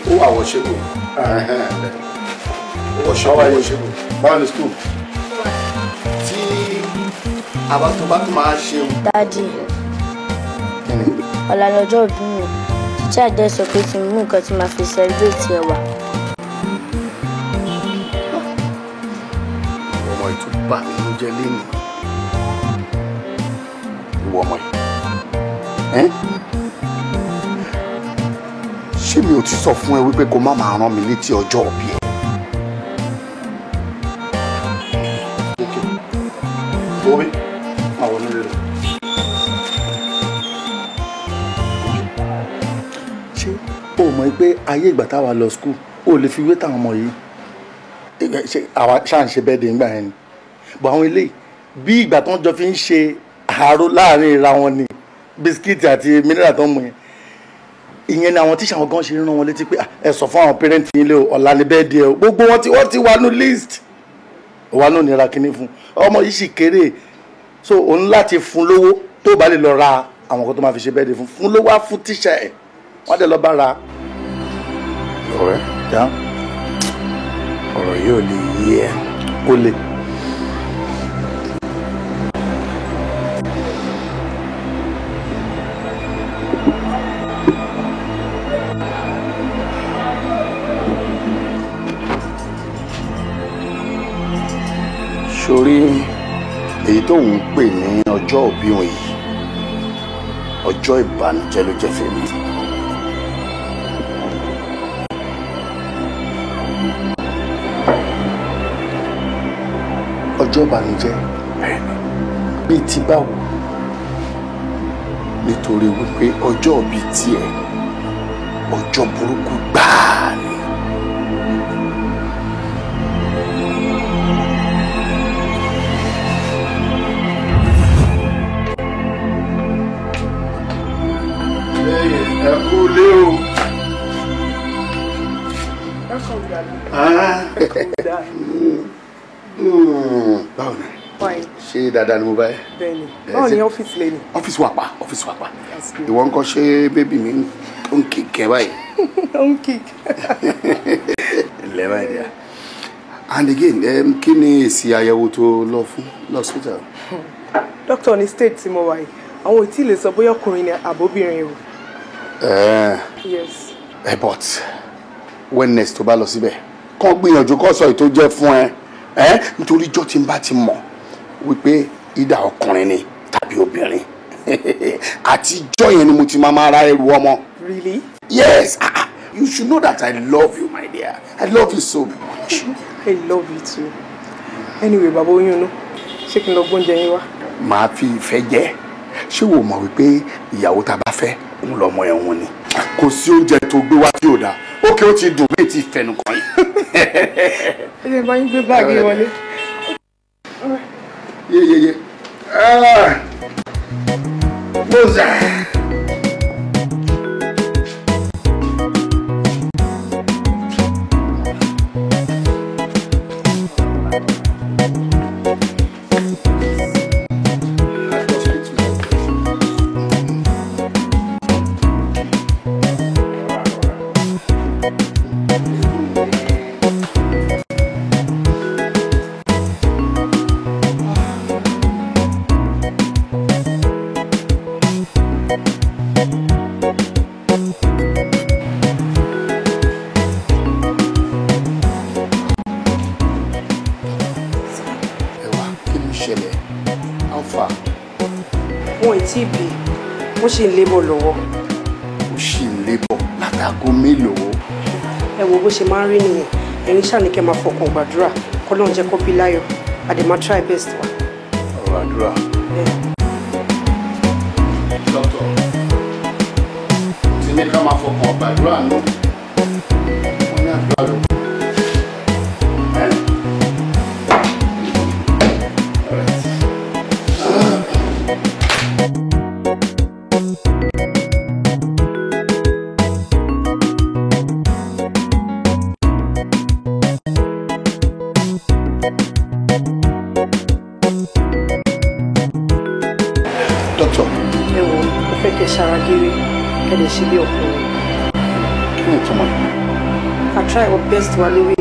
ó wà wọ́ṣẹ́gun wọ́ṣọ́ wà wọ́ṣẹ́gun báwo ni school tí abatọba tó máa ṣe. dadi ọ̀la lọ́jọ́ òbí mi tí àdé sọ pé kí n mú nǹkan tí màá fi celebrate ẹ wá. ọmọ ìtúbà mi ló jẹ lẹ́nu ìwọ ọmọ yìí ṣé mi ò ti sọ fún ẹ wípé kó má máa rán mi létí ọjọ́ òbí ẹ. omi máa wọ nílé ṣé o mọ̀ pé ayé ìgbà táwa lọ skul o lè fi wé táwọn ọmọ yìí ṣe àwa ṣáà bẹ́ẹ̀ dé ńgbà yẹn ni bọ̀ àwọn eléyìí bí ìgbà tó ń jọ fi ń ṣe àárò láàrin ìra wọn ni bisikíìtì àti mineral tó ń mu yẹn ìyẹn ni àwọn tíṣà wọn gan ṣe ń rán wọn létí pé ah, ẹ sọ fún àwọn pẹrẹntì yín lé o ọ̀la ni bẹ́ẹ̀ di ẹ o gbogbo wọn ti wọ́n ti wà nù list wà nù nira kínní fún ọmọ yìí sì kéré so òun láti fún lówó tó bá lè lọ ra àwọn kan tó máa fi ṣe bẹ́ẹ̀ di fún fún lówó á fún tíṣà ẹ̀ wọ́n dẹ̀ lọ bá ra. ọ̀rẹ́ ọ̀rọ̀ yóò lè yí ẹ. kó lè. tóun ń pè ní ọjọ́ òbí òun yìí ọjọ́ ìbànújẹ́ ló jẹ́ fèmí. ọjọ́ ìbànújẹ́ bíi ti báwo nítorí wípé ọjọ́ òbí tiẹ̀ ọjọ́ burúkú gbáà. ẹ kú lé o. Hmm, hmm, báwo ni ṣé dáadáa ni mo bá yẹ. bẹ́ẹ̀ni báwo ni ọ́fíìsì lè ní. ọ́fíìsì wà pa ọ́fíìsì wà pa ìwọ ń kọ ṣé bébì mi ń kíkẹ báyìí. ń kíkẹ. ilẹ̀ báyìí dẹ̀ and again um, kí ni èsì àyẹ̀wò tó lọ fún lọ́sítà. dókítà ní state tí mo wà yìí àwọn ò tí ì lè sọ bóyá ọkùnrin ni àbóbìnrin o Eh. yes. ẹ eh, but wellness tó bá lọ síbẹ̀ kàn gbìyànjú kó to ètò jẹ́ fún ẹ eh? nítorí ijó tí n bá ti mọ̀ wípé ìdá ọkùnrin ni tàbí obìnrin Ati ijó yẹn ni mo ti máa máa ra ẹrù really. yes ah, ah you should know that i love you my dear i love you so much. i love you too anyway bàbá you know. ṣé kí n lọ gbóúnjẹ yín wá. màá fi ìfẹ́ jẹ́ ṣé wò mọ̀ wípé ìyàwó tá a bá fẹ́ ń lọmọ ẹ̀wọ̀n ni kò sí oúnjẹ tó gbé wá tí ò dáa ó kí ó ti dùn bí ti fẹnu kàn yín. ẹ ṣe máa gbé báàgì wọlé. yeyeye. Ah. Mozart. ṣì ń lébọ̀ lọ́wọ́. ó ṣì ń lébọ̀ látàgò mélòó. ẹ wo bó ṣe máa ń rí nìyẹn ẹ̀yin ṣàní kẹ́ máa fọkàn gbàdúrà kọ́lọ́n jẹ́ kó bí láyọ̀ àdèmá try best wa. ọ̀rọ̀ àdúrà. dókítà tí mi ká máa fọkàn gbàdúrà náà. best wa lórí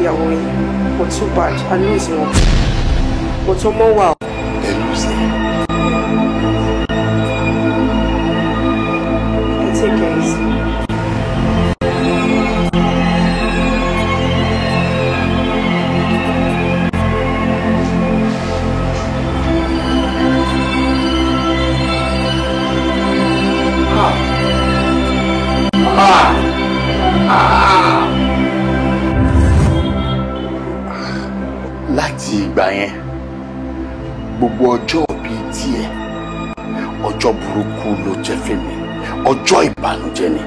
but too bad i lose wọn but ọmọ ọjọ́ burúkú ló jẹ́ fèmí ọjọ́ ìbànújẹ́ ni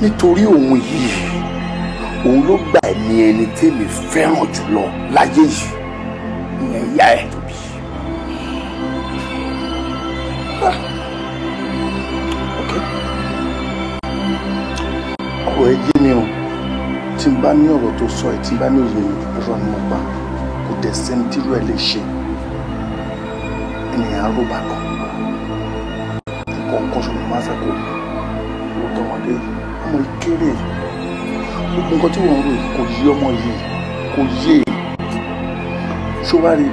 nítorí òun yìí òun ló gbà ní ẹni tèmi fẹ́ràn jùlọ láyé yìí ìyẹn ìyá ẹ̀ tó ọ̀rọ̀ ẹ yé o tí n bá ní ọ̀rọ̀ tó sọ ẹ tí n bá ní òye mi ni mo pa kò dẹ̀ sẹ́ni tí irú lè ṣe ènìyàn arúgbó kan máa sáré o tọmọdé ọmọ ìkéré gbogbo nǹkan tí wọ́n ń rò kò yí ọmọ yìí kò yé ṣọwárí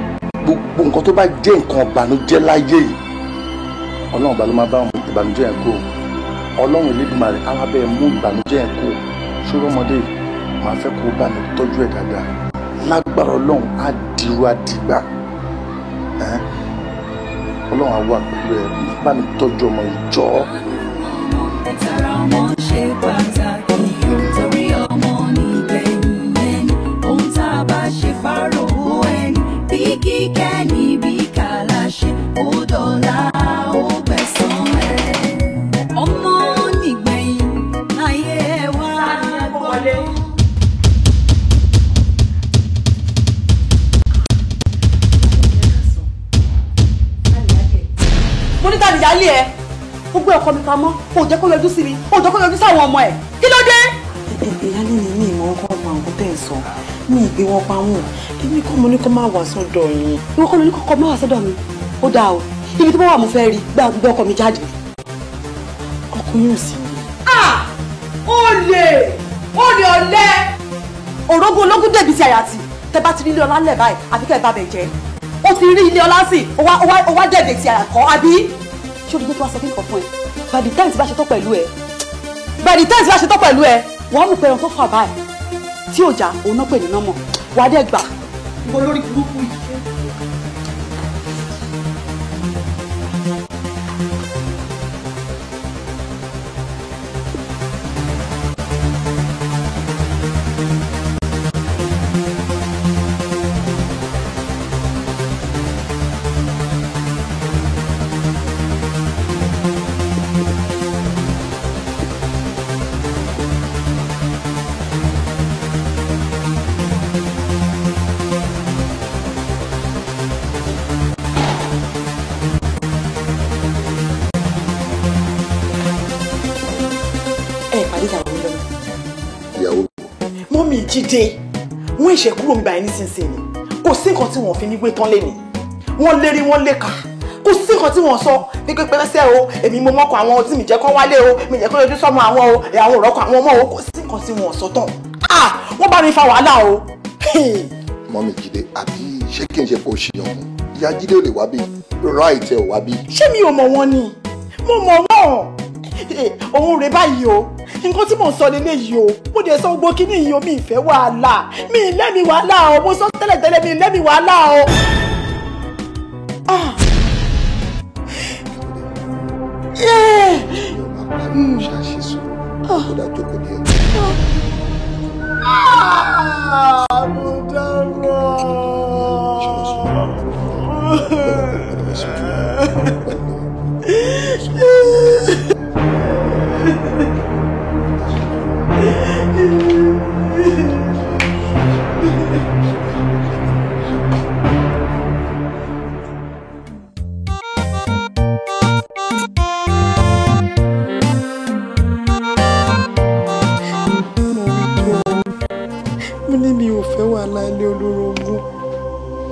gbogbo nǹkan tó bá jẹ́ nǹkan ìbànújẹ́ láyé yìí ọlọ́run bá máa bá ìbànújẹ́ yẹn kó ọlọ́run Elédùmarè á wá mú ìbànújẹ́ yẹn kó ṣòro ọmọdé màá kó bá mi tọ́jú ẹ̀ dáadáa lágbára ọlọ́run á dirú àdìgbà ọlọ́run á wà pẹ̀lú ẹ bá mi tọ́jú ọmọ ìjọ. ìtara ọmọ ṣe pàtàkì torí ọmọ nígbẹ̀yìn ẹni ohun tá a bá ṣe fárò ẹni bí kíkẹ́ níbi kàlà ṣe ó dọ̀la. baálé ẹ ó gbé ọkọ mi pamọ́ kò jẹ́ kó yọjú sí mi kò jẹ́ kó yọjú sáwọn ọmọ ẹ̀ kí ló dé. ìyáálé ni mi ìmọ̀ ọkọ ọmọ àwọn tẹ̀ sọ mi ìgbé wọn pa wọn èmi kọ́ mo ní kó máa wà sọ́dọ̀ yín. ìwọ kọ́ ló ní kọ́kọ́ máa wà sọ́dọ̀ mi ó dáa o ibi tó bá wà mo fẹ́ rí gbá gbé ọkọ mi jáde. ọkọ yóò sì ní. a olè olè ọ̀lẹ. òrógùn ológun dèbí ti àyàtì tẹ bá ti rí ilé ọlá lẹ̀ báyìí àbíkẹ́ bá bẹ̀ jẹ́ ó ti rí ilé ọlá sí ó wá dẹ̀bẹ̀ ti àyàkọ́ àbí ṣé o lè jẹ́ kí wọ́n sọ kí nǹkan fún ẹ by the time tí bá ṣe tán pẹ̀lú ẹ by the time tí bá ṣe tán pẹ̀lú ẹ wàá mú pẹ̀rọ tó fà báyìí tí òjà òun náà pè ní nọ́mọ̀ wàá dẹ̀ gbà. mo lórí burúkú yìí. mọ́mì jíde wọ́n ìṣe kúrò ń gba ẹni sínsìnyí kò sí nǹkan tí wọ́n fi ní gbé tán lé ni wọ́n lérí wọ́n léka kò sí nǹkan tí wọ́n sọ ní pé pẹ́ẹ́sẹ́ o èmi mo mọ́kọ àwọn tí mi jẹ́ kán wálé o mi jẹ́ kán lójú sọ́mọ àwọn o àwọn òrọ́kọ àwọn ọmọ o kò sí nǹkan tí wọ́n sọ tán ah wọ́n bá mi fa wàhálà o. mọ́mì jíde àbí ṣé kí n ṣe kó ṣe ọ̀hún ìyá jíde ò lè wá bí right ẹ ò wá bí. ṣé mi ò mọ̀ wọn ni mo mọ̀ wọn òun rè báyìí o nǹkan tí mò ń sọ lélẹ̀ yìí o mo dẹ̀ sọ gbogbo kíní yìí o mi ìfẹ́ wàhálà mi ìlẹ́mi wàhálà o mo sọ tẹ́lẹ̀tẹ́lẹ̀ mi ìlẹ́mi wàhálà o. Ah. Yeah. Hmm. Ah. Ah.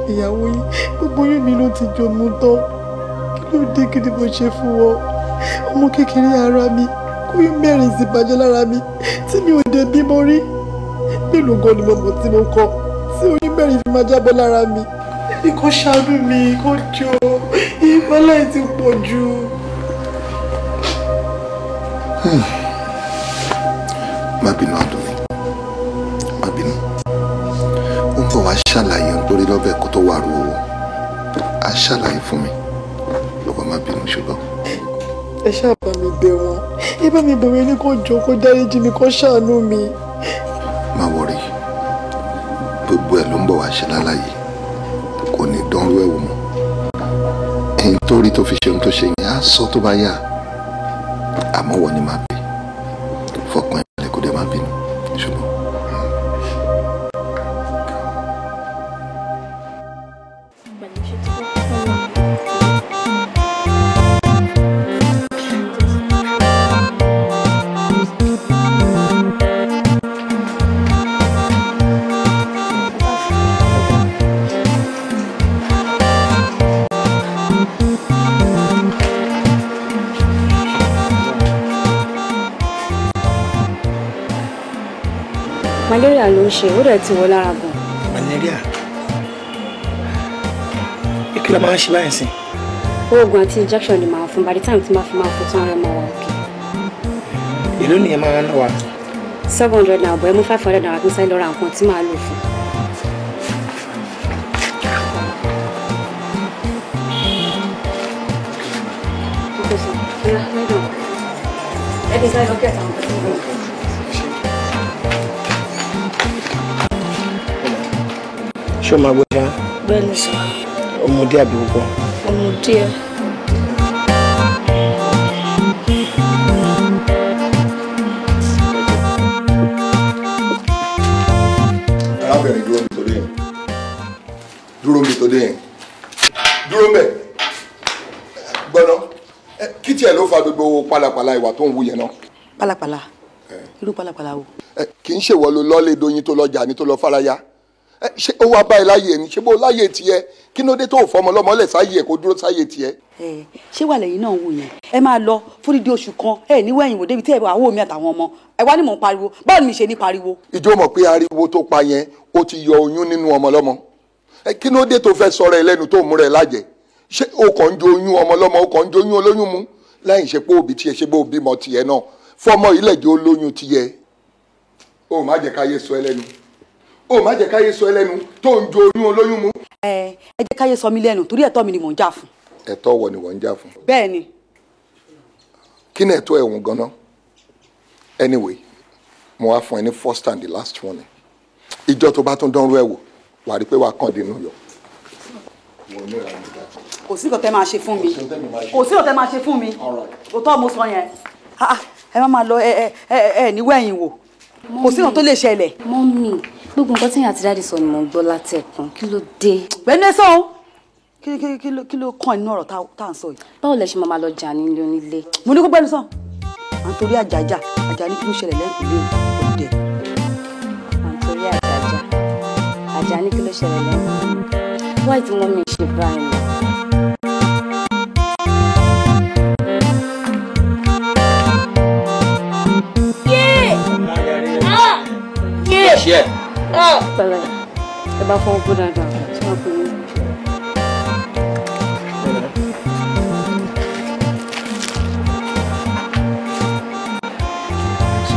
ìyàwó yín gbogbo yín mi ló ti jọ mú tán kí ló dé kí ni mo ṣe fún ọ ọmọ kékeré ara mi oyún mẹ́rin sì bàjẹ́ lára mi tí mi ò dé bímọ rí mélòó gan ni mo mọ̀ tí mo kọ tí oyún mẹ́rin fi máa jábọ́ lára mi bí kò ṣàánú mi kò jọ ìbálẹ̀ ti pọ̀ jù. má bínú àdùnní má bínú ó ń bọ̀ wá ṣàlàyé lọ́bẹ̀ kó tó wà rúwò á ṣàlàyé fún mi ló má bínú ṣùgbọ́n. ẹ ṣáàbà mi bẹ̀ wọ́n ẹ mi bẹ̀rẹ̀ ní kó jọ kó dáríjì mi kó ṣàánú mi. má wọrí gbogbo ẹ ló ń bọ̀ wá ṣe lálàyé kò ní dánrú ẹ̀ mọ́ ẹ̀yìn tó rí tó fi ṣe ohun tó ṣe yẹn á sọ tó bá yà àmọ́ ni màá bẹ̀. ṣe ó dẹ̀ ti wọ lára gan. malaria kí ló máa ń ṣe báyìí sí. oògùn àti injection ni màá fún by the time tí màá fi máa fún tán ara máa wà òkè. èló nìyẹn máa ń wà. seven hundred naira bọ̀ ẹ mú five hundred naira kí n sáré lọ ra nǹkan tí màá lò fún. Yeah, I don't. It is like okay. show o máa gbé ṣá. bẹ́ẹ̀ni sọ. ọmọdé àbí púpọ̀. ọmọdé ẹ. arábìnrin dúró mi tó dé yẹn dúró mi tó dé yẹn dúró mẹ gbọ́dọ̀ kí tiẹ̀ ló fa gbogbo pálapàla ìwà tó ń wú yẹn náà. pálapàla irú pálapàla wo. kì í ṣèwọ ló lọ́ọ́ lè doyin tó lọ jà ní ṣé o wá báyìí láyé ẹni ṣé bó láyé tiẹ̀ kí ló dé tó o fọmọ lọmọ lẹ sáyé ẹ kó dúró sáyé tiẹ̀. ẹ ṣé wà lẹ́yìn náà wò yẹn ẹ máa lọ fúdídí oṣù kan ẹ níwọ ẹ̀yìn wò débi tí ẹ bá wò mí àtàwọn ọmọ ẹ wá ní mò ń pariwo báwo ni mi ṣe ní pariwo. ìjọ mọ̀ pé ariwo tó pa yẹn ó ti yọ oyún nínú ọmọ lọ́mọ ẹ kí ló dé tó fẹ́ sọ̀rọ̀ ẹ lẹ́nu tó múra ẹ lájẹ ṣé o kàn ń jo oyún ọmọ lọ́mọ o kàn ń jo oyún olóyún mu láì ṣe pé òbí tiẹ̀ ṣe bó bímọ tiẹ̀ náà fọmọ ilẹ̀ jẹ́ olóyún tiẹ̀ o má jẹ́ ká yé sọ ẹ o má jẹ́ káyé sọ ẹlẹ́nu tó ń jo oyún olóyún mu. ẹ ẹ jẹ́ káyé sọ mí lẹ́nu torí ẹ̀tọ́ mi ni mò ń jà fún. ẹ̀tọ́ wọ ni wọ́n ń jà fún. bẹ́ẹ̀ ni. kí ni ẹ̀tọ́ ẹ̀wọ̀n gan-an anyway mo wá fún ẹ ní first and the last one ìjọ tó bá tún dánrú ẹ wò wàá rí pé wàá kàn dínú yọ. kò sí ọ̀tẹ́ máa ṣe fún mi kò sí ọ̀tẹ́ máa ṣe fún mi òótọ́ mo sọ yẹn ah, ah, ẹ má máa lọ ẹ ẹ ẹ níwẹ̀yìn wò kò sí nǹkan tó lè ṣẹlẹ̀. mọ́mì gbogbo nǹkan tí àti dáàdì sọ ni mò ń gbọ́ látẹ̀kùn kí ló dé. bẹ́ẹ̀ni sọ kí ló kàn nínú ọ̀rọ̀ tá à ń sọ yìí. báwo lẹ ṣe máa lọ jà nílé onílé. mo ní kó gbẹ́nu sàn à ń torí àjàjà àjà ní kí ló ṣẹlẹ̀ lẹ́kùnlé òde. à ń torí àjàjà àjà ní kí ló ṣẹlẹ̀ lẹ́kùnlé. wáyé tí wọ́n mi ṣe báyìí. ṣe ẹ. pẹ̀lẹ́ ẹ bá fọwọ́ bó dáadáa tí wọ́n pè é.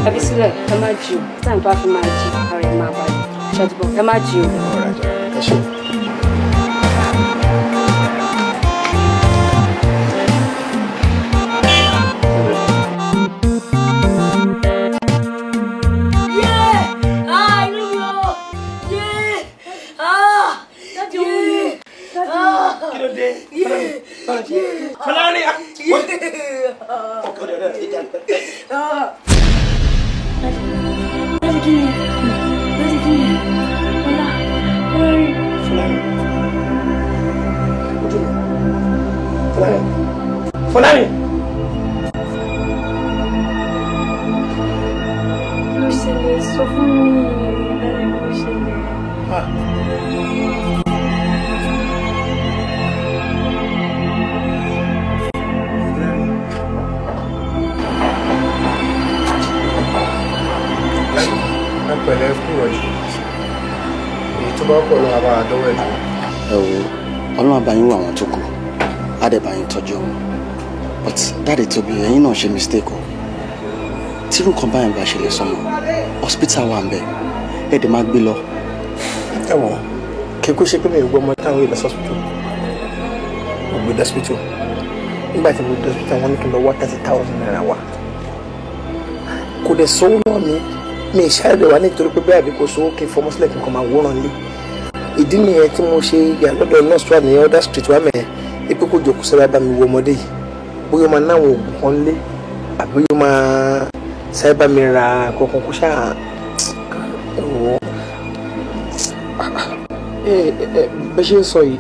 ẹbí sílẹ̀ ẹ má jí o táǹtọ́ àfi máa jí ara ẹ máa balẹ̀ ṣàtìpọ̀ ẹ má jí o. ẹ ṣe. Melania! Oh god, jag pọ̀ lọ́wọ́ bá dọ́wọ́ ẹ̀. ẹ wo ọlọ́run àbáyín wo àwọn tó kù àdẹ̀báyín tọ́jú wọn but dáàdì tóbi ẹ̀yin náà ṣe mistake o tírú nǹkan báyìí bá ṣẹlẹ̀ sọmọ hospital wà ń bẹ ẹ dẹ̀ máa gbé lọ. ẹ wọ kí n kó ṣe pé mi ò gbọ́ ọmọ táwọn ìlọ sọ́sìtò mo gbé dọ́sìtò nígbà tí mo gbé dọ́sìtò wọn ní kí n lọ wá thirty thousand naira wa kò dẹ̀ sówó náà mi mi ìṣàlẹ̀ wá nítorí pé bẹ́ẹ̀ àbí kò sówó kí n fọmọ sílẹ̀ kí n kàn máa wóràn lé ìdí nìyẹn tí mo ṣe yà lọ́dọ̀ nurse wà ní other street wà mẹ́ẹ̀ ipò kò jòkó sára bá mi wo ọmọdé yìí bóyá ó máa náwọn oògùn kan lé àbí ó máa sáré bá mi ra kankan kó ṣáà wọ́ bẹ́ẹ̀ ṣe ń sọ yìí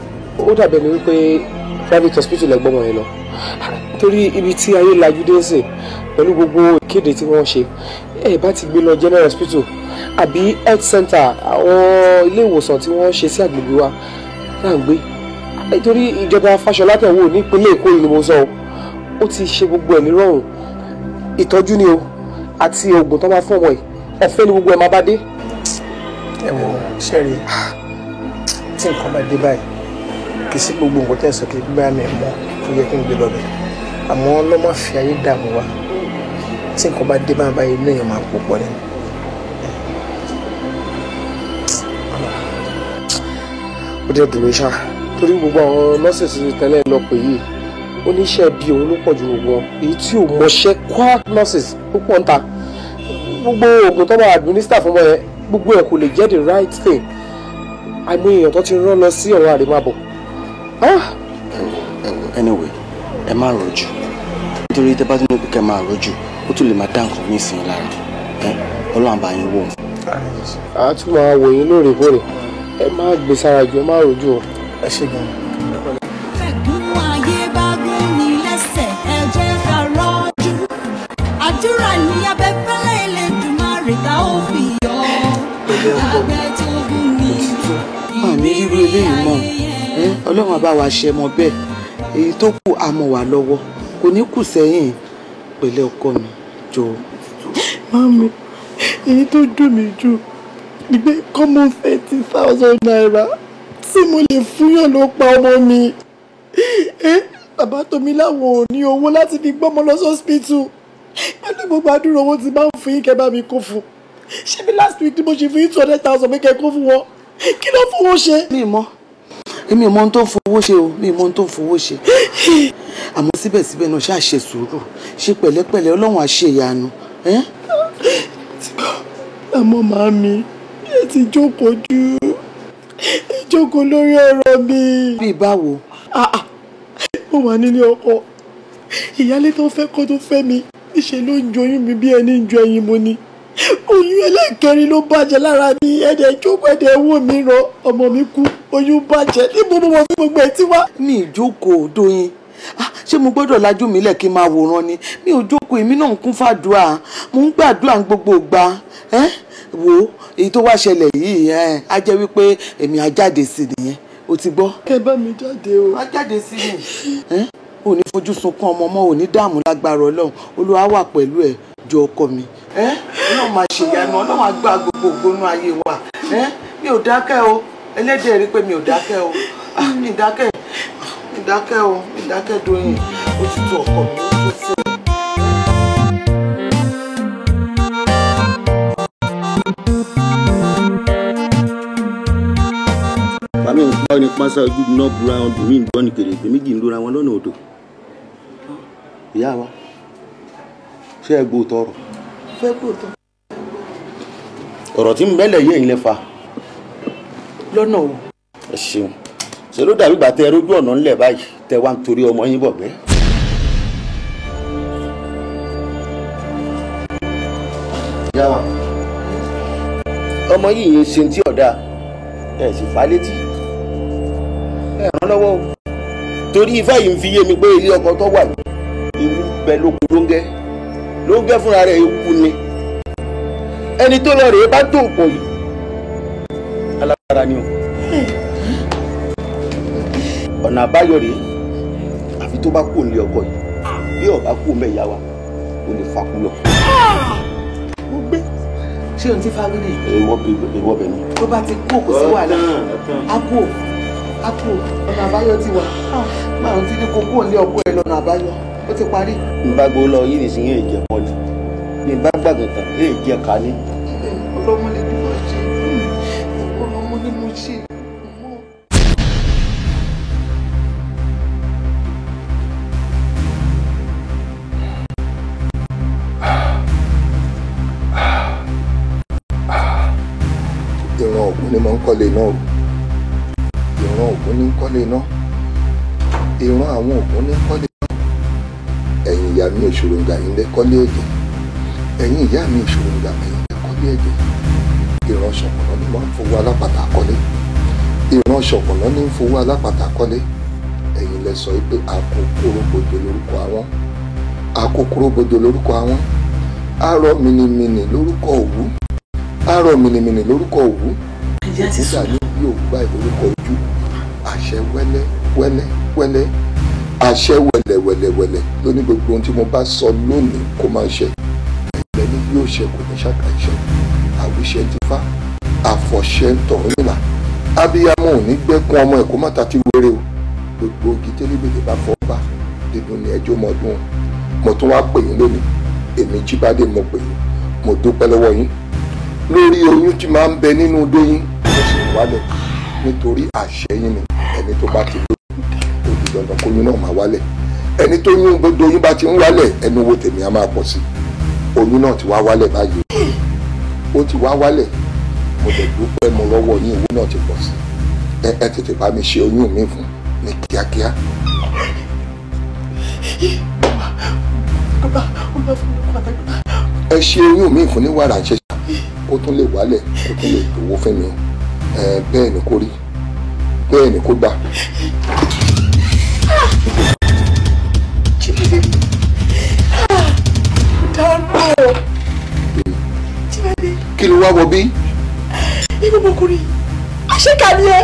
ó dàbẹ̀ ni wípé private hospital ẹ̀gbọ́n wọn yẹn lọ torí ibi tí ayé lajú dé ń sìn pẹ̀lú gbogbo ìkéde tí wọ́n ṣe ẹ bá ti gbé lọ general hospital àbí health center àwọn ilé ìwòsàn tí wọ́n ṣe sí àgbègbè wa náà ń gbé nítorí ìjọba Fáṣọlá tẹ̀wò nípínlẹ̀ Èkó yìí ni mo sọ o ó ti ṣe gbogbo ẹ̀ nírọ̀rùn ìtọ́jú ni o àti oògùn tó máa fún ọmọ yìí ọ̀fẹ́ ni gbogbo ẹ̀ máa bá dé. ẹ wọ sẹ́rí tí nǹkan bá dé báyìí kì í sí gbogbo nǹkan tẹ̀sán kì í bá mi mọ́ tó yẹ kí n gbé lọ bẹ̀ àmọ́ ọlọ́mọ fi ayé dààmú wa tí nǹkan dé máa báyìí inú èèyàn máa pò pọ̀ nínú. ó dẹ̀ dúró ṣá torí gbogbo àwọn nọ́ọ̀sẹ̀sì tẹ́lẹ̀ lọ pè yìí ó bíi òun ló pọ̀ ju gbogbo èyí tí ò mọṣẹ́ quack nurses ó pọ̀ ń gbogbo oògùn tó máa administer fún ọmọ yẹn gbogbo ẹ̀ kò lè jẹ́ the right thing àìmọ̀ èèyàn tó ti rán lọ sí ọ̀rọ̀ àrèmábọ̀. Ah! anyway ẹ má rojú nítorí tẹ bá tún ní pé kẹ máa rojú ó tún lè máa dá nǹkan míì sí i lára ọlọ́run àbá yín wò. a tún máa wò yín lóòrèkóòrè ẹ má gbé jù ẹ má rojú o. ẹ ṣe gan. ẹ̀gún bá wa ṣe mọ bẹ́ẹ̀ èyí tó kù àmọ́ wà lọ́wọ́ kò ní kù sẹ́yìn pẹ̀lẹ́ ọkọ mi jọ. Mami, èyí tó dùn mí jù ni pé kọ́mọ thirty thousand naira tí mo lè fúyàn ló pa ọmọ mi. Bàbá Tomi láwọn ò ní owó láti fi gbọ́mọ lọ sọ́spítù. Pẹ̀lú gbogbo àdúrà owó ti bá ń fún yín kẹ́ bá mi kó fún. Ṣé bí last week ni mo ṣe fún yín two hundred thousand mi kẹ́ kó fún wọn? Kí ló fún wọn ṣe? Mi mọ̀ èmi ò mọ ohun tó ń fowó ṣe o mi ò mọ ohun tó ń fowó ṣe àmọ́ síbẹ̀síbẹ̀ náà ṣáà ṣe sùúrù ṣe pẹ̀lẹ́pẹ̀lẹ́ ọlọ́run á ṣe ìyanu. àmọ́ màámi ẹ ti jókòó ju ìjókòó lórí ọ̀rọ̀ mi. bíi báwo. Ah, ah, mo wà nílé ọkọ ìyálé tó fẹ́ kó tó fẹ́ mi níṣẹ́ ló ń joyún mi bí ẹni ń jo ẹyin mo ni oyún ẹlẹ́kẹrin ló bàjẹ́ lára mi ẹ̀dẹ̀ ìjókòó ẹ̀dẹ̀ owó mi rọ ọmọ mi kú oyún bàjẹ́ níbo mo mọ fún gbogbo ẹ̀ tí wá. ní ìjókòó Dóyin ah, ṣé mo gbọ́dọ̀ lajú mi lẹ̀ kí n máa wòran ni mi ò jókòó èmi náà ń kún fàdúrà mo ń gbàdúrà ń gbogbo ìgbà wo èyí tó wá ṣẹlẹ̀ yìí á jẹ́ wípé èmi á jáde sí nìyẹn o ti gbọ́. kẹ bá mi jáde o. á jáde sí mi ò ní fojú sunkún ọmọ ọmọ ò ní dààmú lágbára Ọlọ́run Olúwa wà pẹ̀lú ẹ̀ jọ ọkọ mi Eh? ọlọ́run máa ṣe ìyanu ọlọ́run á gbogbo ògbónú ayé wa eh? mi ò dákẹ́ o ẹlẹ́dẹ̀ẹ́ rí pé mi ò dákẹ́ o ah, mi dákẹ́ ah, mi dákẹ́ o mi dákẹ́ Doyin òtútù ọkọ mi ó tó sí. bàmí ń pa ẹni pásá ojú iná búra ọdún mi ń gbọ́ kèrè kèrègbè méjì ń lóra wọn lọ́nà odò ìyá wa ṣé ẹ gbó tọrọ. fẹ́ gbòòtọ́. ọ̀rọ̀ tí ń bẹ́lẹ̀ yé ilé fa. lọ́nà o. ẹ ṣeun ṣe ló dàbí ìgbà tẹ ẹ rójú ọ̀nà ńlẹ̀ báyìí tẹ wá ń torí ọmọ yín bọ̀ gbẹ́. ọmọ yìí yẹn ṣe ti ọ̀dà ẹ̀ sì fà á létí ẹ̀ ràn lọ́wọ́ o torí ifá yìí ń fi yé mi pé ilé ọkọ tó wà yìí ewu bẹ lóko lóńgẹ́ ló ń gẹ́ fúnra rẹ̀ ewu ni ẹni tó lọ rèé bá tó pọ̀ yìí alágbára ni o ọ̀nà àbáyọ rèé àfi tó bá kú nílé ọkọ yìí bí ọba kú mẹ́yà wa ó lè fakú lọ. mo gbé ṣé ohun tí fáwílì. èèwọ̀ bẹ èèwọ̀ bẹ ni. tó bá ti kú òkú sí wàhálà á kú òkú á kú ọ̀nà àbáyọ ti wà máa ń ti ní kó kú ọkọ ẹ lọ́nà àbáyọ ó ti parí. n bá gbó lọ yìí nìsín yóò jẹ pọ́lì ní bá gbàgàntàn yóò jẹ kání. ọlọ́mọ lè ní mo ṣe ọlọ́mọ ni mo ṣe. ìran ògún ni mo ń kọ́lé náà ìran ògún ni ń kọ́lé náà ìran àwọn ògún ní kọ́lé ẹ̀yin ìyá mi òṣòròǹgà ẹ̀yin lẹ kọ́lé ẹ̀jẹ̀ ẹ̀yin ìyá mi òṣòròǹgà ẹ̀yin lẹ kọ́lé ẹ̀jẹ̀ ìran ṣọ̀pọ̀nà ni wọ́n ń fowó alápàtà kọ́lé ìran ṣọ̀pọ̀nà ni ń fowó alápàtà kọ́lé ẹ̀yin lẹ sọ pé akókóró bojo lórúkọ àwọn akókóró bojo lórúkọ àwọn arọ mìnìmìnì lórúkọ òwú arọ mìnìmìnì lórúkọ òwú nígbà yóò gba ìlórúkọ ojú àṣẹ wẹ́lẹ́ wẹ́lẹ́ wẹ́lẹ́ àṣẹ wẹ̀lẹ̀wẹ̀lẹ̀wẹ̀lẹ̀ ló ní gbogbo ohun tí mo bá sọ lónìí kó máa ṣe ẹgbẹ́ ní yóò ṣe kò ní ṣàkà ìṣe àwíṣẹ ti fá àfọ̀ṣẹ ń tọ̀rọ̀ nílà abiyamọ ò ní gbẹ́kun ọmọ ẹ̀kọ́ má ta ti wéré o gbogbo igi tẹ́lẹ̀bẹ̀lẹ̀ bá fọ́ bá dídùn ní ẹjọ́ mọ́dún mo tún wá pè yín lónìí èmi jíbádé mo pè yín mo dúpẹ́ lọ́wọ́ yín lórí oyún tí máa ń bẹ nínú odó yín mo sì wálẹ̀ nítorí àṣẹ yín ni ẹni tó bá ti dandan kóyún náà máa wálẹ̀ ẹni tó yún gbogbo oyún bá ti ń wálẹ̀ ẹnu wo tèmi á máa pọ̀ sí oyún náà ti wá wálẹ̀ báyìí ó ti wá wálẹ̀ mo lè dúpẹ́ mo lọ́wọ́ yín owó náà ti pọ̀ sí ẹ ẹ tètè bá mi ṣe oyún mi fún ní kíákíá. ẹ ṣe oyún mi fún ní wàrà ṣẹṣẹ kó tún lè wálẹ̀ kó tún lè tòwó fún mi bẹ́ẹ̀ ni kò rí bẹ́ẹ̀ ni kò gbà kí ló wá wọ bí. ibi ọmọkùnrin àṣekà ni ẹ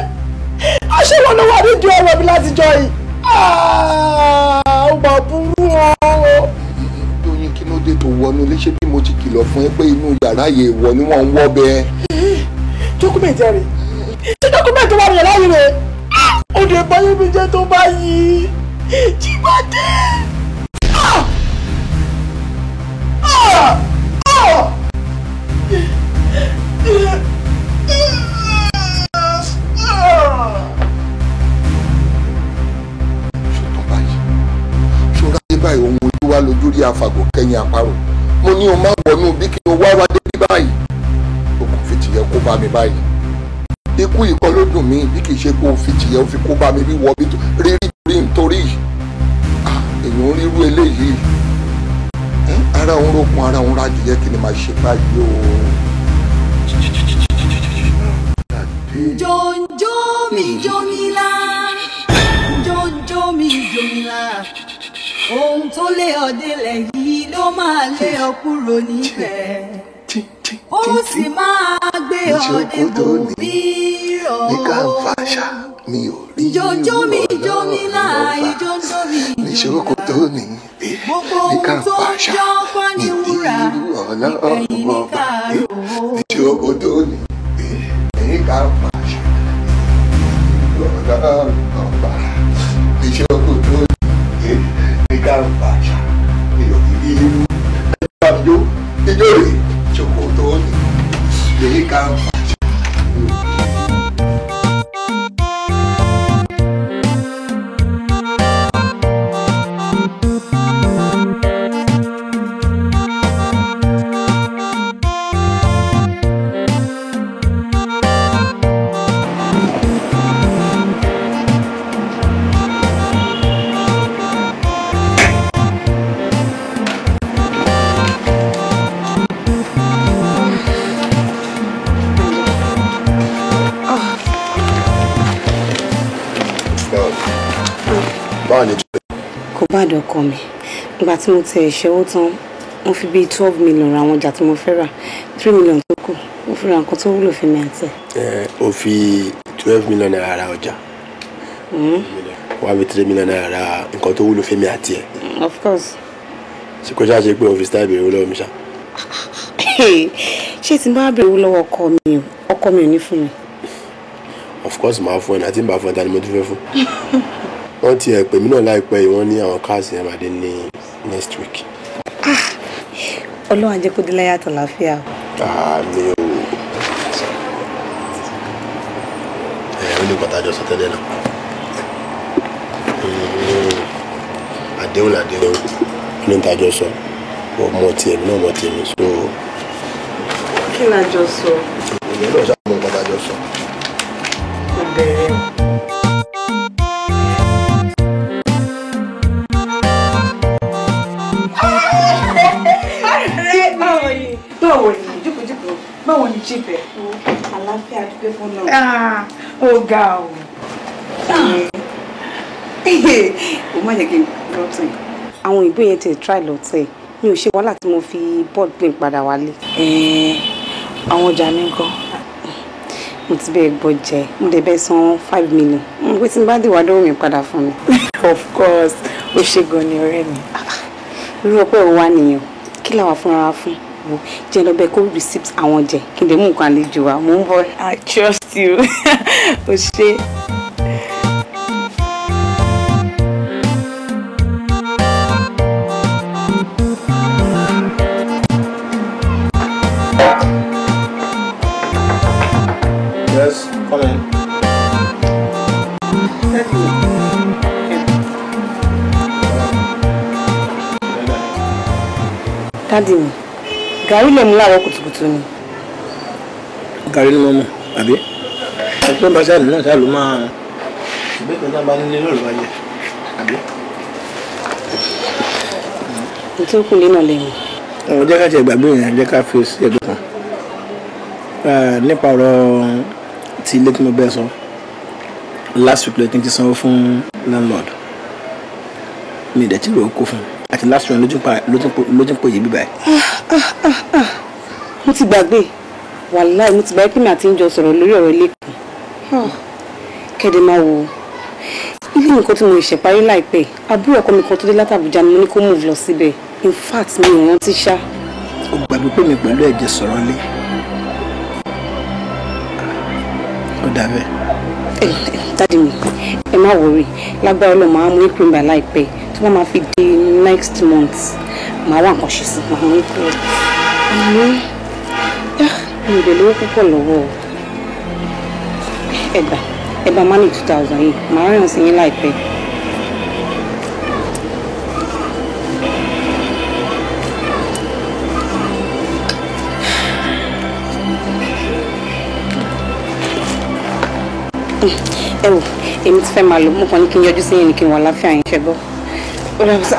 àṣewọ ló wà nídìí ọ̀rọ̀ mi látijọ́ yìí ah, ó mà burú o. lóyún kí ló dé tó wọnú léṣe bí mo ti kìlọ̀ fún ẹ pé inú yàrá yẹn wọ ni wọ́n ń wọ́ bẹ́ẹ̀. dókúmẹ̀ntì rẹ̀ ṣé dókúmẹ̀ntì wà ní yàrá yìí rẹ̀ ó lè báyé mi jẹ́ tó báyìí Jíbádé. Ah! Ah! Ah! báyìí ohun ojú wa lójú rí àfàgò kẹyìn àparò mo ní o máa wọnú bí kí o wá wá débi báyìí okùn fìtìyẹ kó bá mi báyìí ikú ìkọ́ ló dùn mí bí kìí ṣe pé o fi jìyà o fi kó bá mi bí wọ́ bí rírí rí nítorí èèyàn ah, rírú eléyìí ara òun rògùn ara òun ra jìyẹ kí ni màá ṣe báyìí o. jọjọ mi jọmílá jọjọ mi jọmílá ohun tó lé ọdẹ lẹ ló máa lé ọ kúrò níbẹ̀ ó sì máa gbé ọdẹ bò bí rọ ní káńfàṣà mi ò rí ìjọjọ mi ìjọ mi láà ìjọjọ mi ìjọ mi níṣòkò tó ní eh, gbogbo tó jọ ní wúrà ní káàró níṣòkò ní ní tó ní ní káńfàṣà mi ò rí irú ìjọ rèé. Here they come. wà ní jùlọ. kò bá dọkọ mi ìgbà tí mo ti ṣẹ́wó tán mo fi bíi twelve million ra àwọn ọjà tí mo fẹ́ rà three million tó kù mo fi ra nǹkan tó wúlò fún mi àti. ẹ o fi twelve million naira ra ọjà hmm? wà á fi three million naira ra nǹkan tó wúlò fún mi àti ẹ. of course. ṣé kò ṣáà ṣe pé o fi style bèrè owó lọ́wọ́ mi ṣá. ṣé tí n bá bèrè owó lọ́wọ́ ọkọ mi o ọkọ mi ò ní fún mi. of course màá fún ẹ náà tí n bá fún ẹ ta mo tún fẹ́ fún. wọ́n ti ẹ̀ mí náà láìpẹ́ yìí wọ́n ní àwọn next week. Ah, ọlọ́run ajẹ́ kó yàtọ̀ láfíà. àmì o ẹ ẹ tẹ́lẹ̀ náà hmm, àdéhùn sọ ọmọ so. kí ni àjọ sọ. ìyẹn náà báwo ni jùkújùkú báwo ni jíbẹ̀ àlàáfíà dúpẹ́ fún náà. Ah, ó ga o. o má jẹ́ kí n lọ tẹ̀. àwọn òyìnbó yẹn tẹ̀ try lọ tẹ̀ mi ò ṣe wàhálà tí mo fi board plane padà wálé. àwọn ọjà mi ń kọ́. mo ti bẹ́ẹ̀ gbọ́ jẹ mo dẹ̀ bẹ́ẹ̀ san five million mo pé tí n bá dé wàá mi padà fún mi. of course ó ṣe gan ni ọ̀rẹ́ mi. Ah, irú ọpẹ́ wo wá nìyẹn kí làwọn fúnra fún wo jẹ́ lọ bẹ kó receipt àwọn jẹ kí n lè mú nǹkan àlejò wa mò ń bọ̀. I trust you o ṣe. gàrí lè mú láwọ̀ kùtùkùtù ni. gàrí ni mo mọ̀ àbí ẹgbẹ́ bàṣálì náà ṣáà ló máa ìgbẹ́ kan náà bá nílé lọ́rọ̀ bá jẹ àbí. kò tó kù lẹ́nà lẹ́yìn. ọ̀rọ̀ jẹ́ ká ṣe ìgbàgbé yẹn jẹ́ ká fi sí ẹ̀gbẹ́ kan nípa ọ̀rọ̀ tí ilé tí mo bẹ́ẹ̀ sọ last week lẹ́yìn tí sanwó fún landlord mi ìdẹ̀tí rò ó kó fún un àti last week ló tún pò yìí bíbáyìí mo ti gbàgbé wàláì mo ti gbàgbé pé mi àti ń jọ sọ̀rọ̀ lórí ọ̀rọ̀ ilé kan hmm. kẹ́dẹ̀ máa wò ó ilé nǹkan tí mo ṣẹ̀ parí láìpẹ́ àbúrò ọkọ mi kan tó dé látàbújá ni ní kó move lọ síbẹ̀ in fact mi ò rántí ṣá. o gbàgbé pé mi pẹ̀lú ẹ̀jẹ̀ sọ̀rọ̀ lé ó dàbẹ̀. ẹ ẹ dáàdi mi ẹ má wọrí lágbára ọlọ́mọ àwọn ọmọ ìpínlẹ̀ láìpẹ́ wọ́n máa fi di next month màá wá nǹkan ṣe sí àwọn ikú àmọ́ ah, mi ò dé lówó púpọ̀ lọ́wọ́ ẹgbà ẹgbà má two thousand yìí màá rìn sí yín láìpẹ́. ẹ wò èmi ti fẹ́ máa lò mo kàn ní kí n yọjú sí yín ní kí n wà láfíà yín ṣẹ́gbọ́n. Ọ̀rẹ́ mi sá.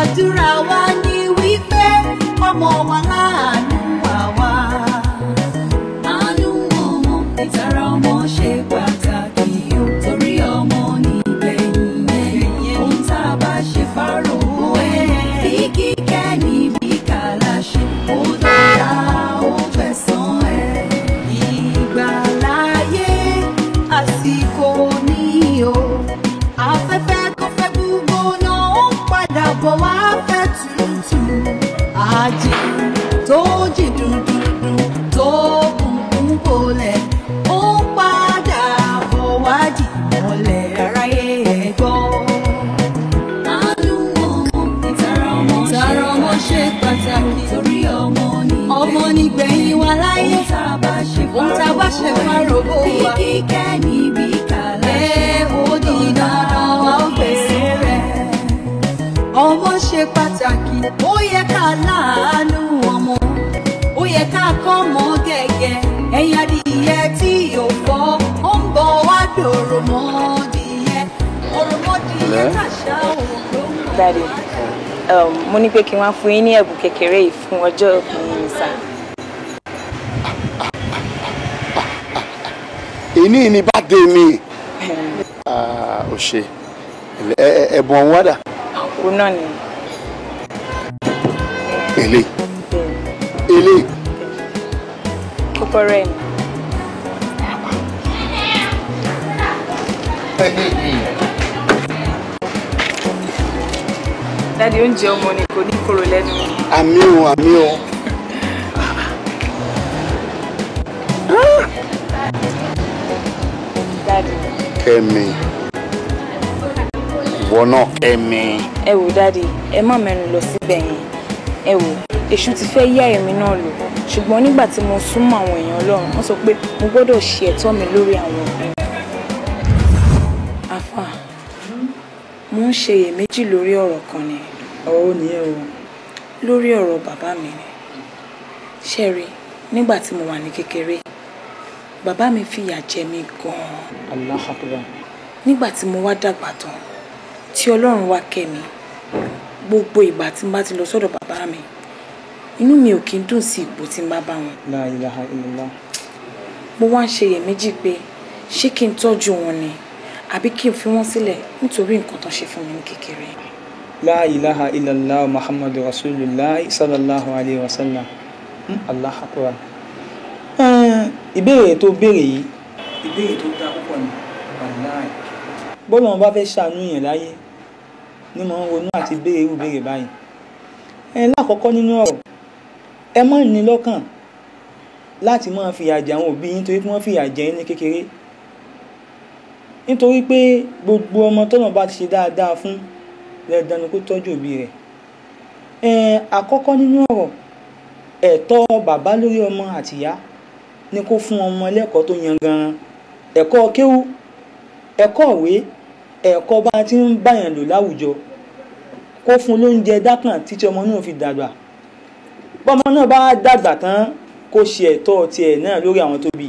àdúrà wa all dressed ṣe máa rògbò wa. ọmọ ṣe pàtàkì ó yẹ ká láàánú ọmọ ó yẹ ká kọ́ mọ́ gẹ́gẹ́ ẹ̀yà tí yóò fọ́ ó ń bọ̀ wá dòrò mọ́ adìyẹ òròmọdìyẹ kàṣà òun ló ń bọ̀. Um, mo ní pé kí n fún yín ní ẹ̀bùn kékeré yìí fún ọjọ́ ìbí èyí ni bàdé mi. ò ah, ṣe ẹ̀bùn ọ̀hún wádà. òun náà ni. èlé. èlé. kókóró ẹ̀ ni. dáàdi oúnjẹ ọmọ ni kò ní kóró lẹ́nu. àmì o àmì o. Kẹ́mi ìwọ náà Kẹ́mi. ẹ wò dáàdi ẹ má mẹ́rin lọ síbẹ̀ yẹn ẹ wò èṣù ti fẹ́ yá èmi náà lò ṣùgbọ́n nígbà tí mo súnmọ́ àwọn èèyàn Ọlọ́run wọ́n sọ pé mo gbọ́dọ̀ ṣe ẹ̀tọ́ mi lórí àwọn òbí. afa mo ń ṣe iyèméjì lórí ọ̀rọ̀ kan ni. ọ̀rọ̀ nìyẹn o. lórí ọ̀rọ̀ bàbá mi ni ṣẹ́ẹ̀rí nígbà tí mo wà ní kékeré bàbá mi fìyà jẹ mi gan-an. Allahu Akbar. nígbà tí mo wá dàgbà tán tí ọlọ́run wá kẹ́ mi gbogbo ìgbà tí n bá ti lọ sọ́dọ̀ bàbá mi inú mi ò kí ń dùn sí ipò tí n bá bá wọn. La ilaha illallah. mo wá ń ṣe iyèméjì pé ṣé kí n tọ́jú wọn ni àbí kí n fi wọ́n sílẹ̀ nítorí nǹkan tó ṣe fún mi ní kékeré. La ilaha muhammadu rasulillah sallallahu alayhi wa sallam. Allahu Akbar ìbéèrè tó béèrè yìí ìbéèrè tó dáa púpọ̀ ni wàláì. bọ́lá wọn bá fẹ́ ṣàánú yẹn láyé ni mo ń ronú àti béèrè irú béèrè báyìí. ẹ lákọ̀ọ́kọ́ nínú ọ̀rọ̀ ẹ má ní lọ́kàn láti máa fìyà jẹ àwọn òbí yín torí pé wọ́n fìyà jẹ yín ní kékeré nítorí pé gbogbo ọmọ tọ́nà bá ti ṣe dáadáa fún lẹ́ẹ̀dá ni kó tọ́jú òbí rẹ̀ ẹ àkọ́kọ́ nínú ọ̀rọ̀ ẹ̀tọ́ bàbá lórí ọmọ àtìyá ni kó fún ọmọ lẹ́kọ̀ọ́ tó yan gan ẹ̀kọ́ kéwú ẹ̀kọ́ ìwé ẹ̀kọ́ bá ti ń báyàn lò láwùjọ kó fún lóúnjẹ dákàn títí ọmọ náà fi dàgbà bọ́mọ náà bá dàgbà tán kó ṣe ẹ̀tọ́ tiẹ̀ náà lórí àwọn tó bí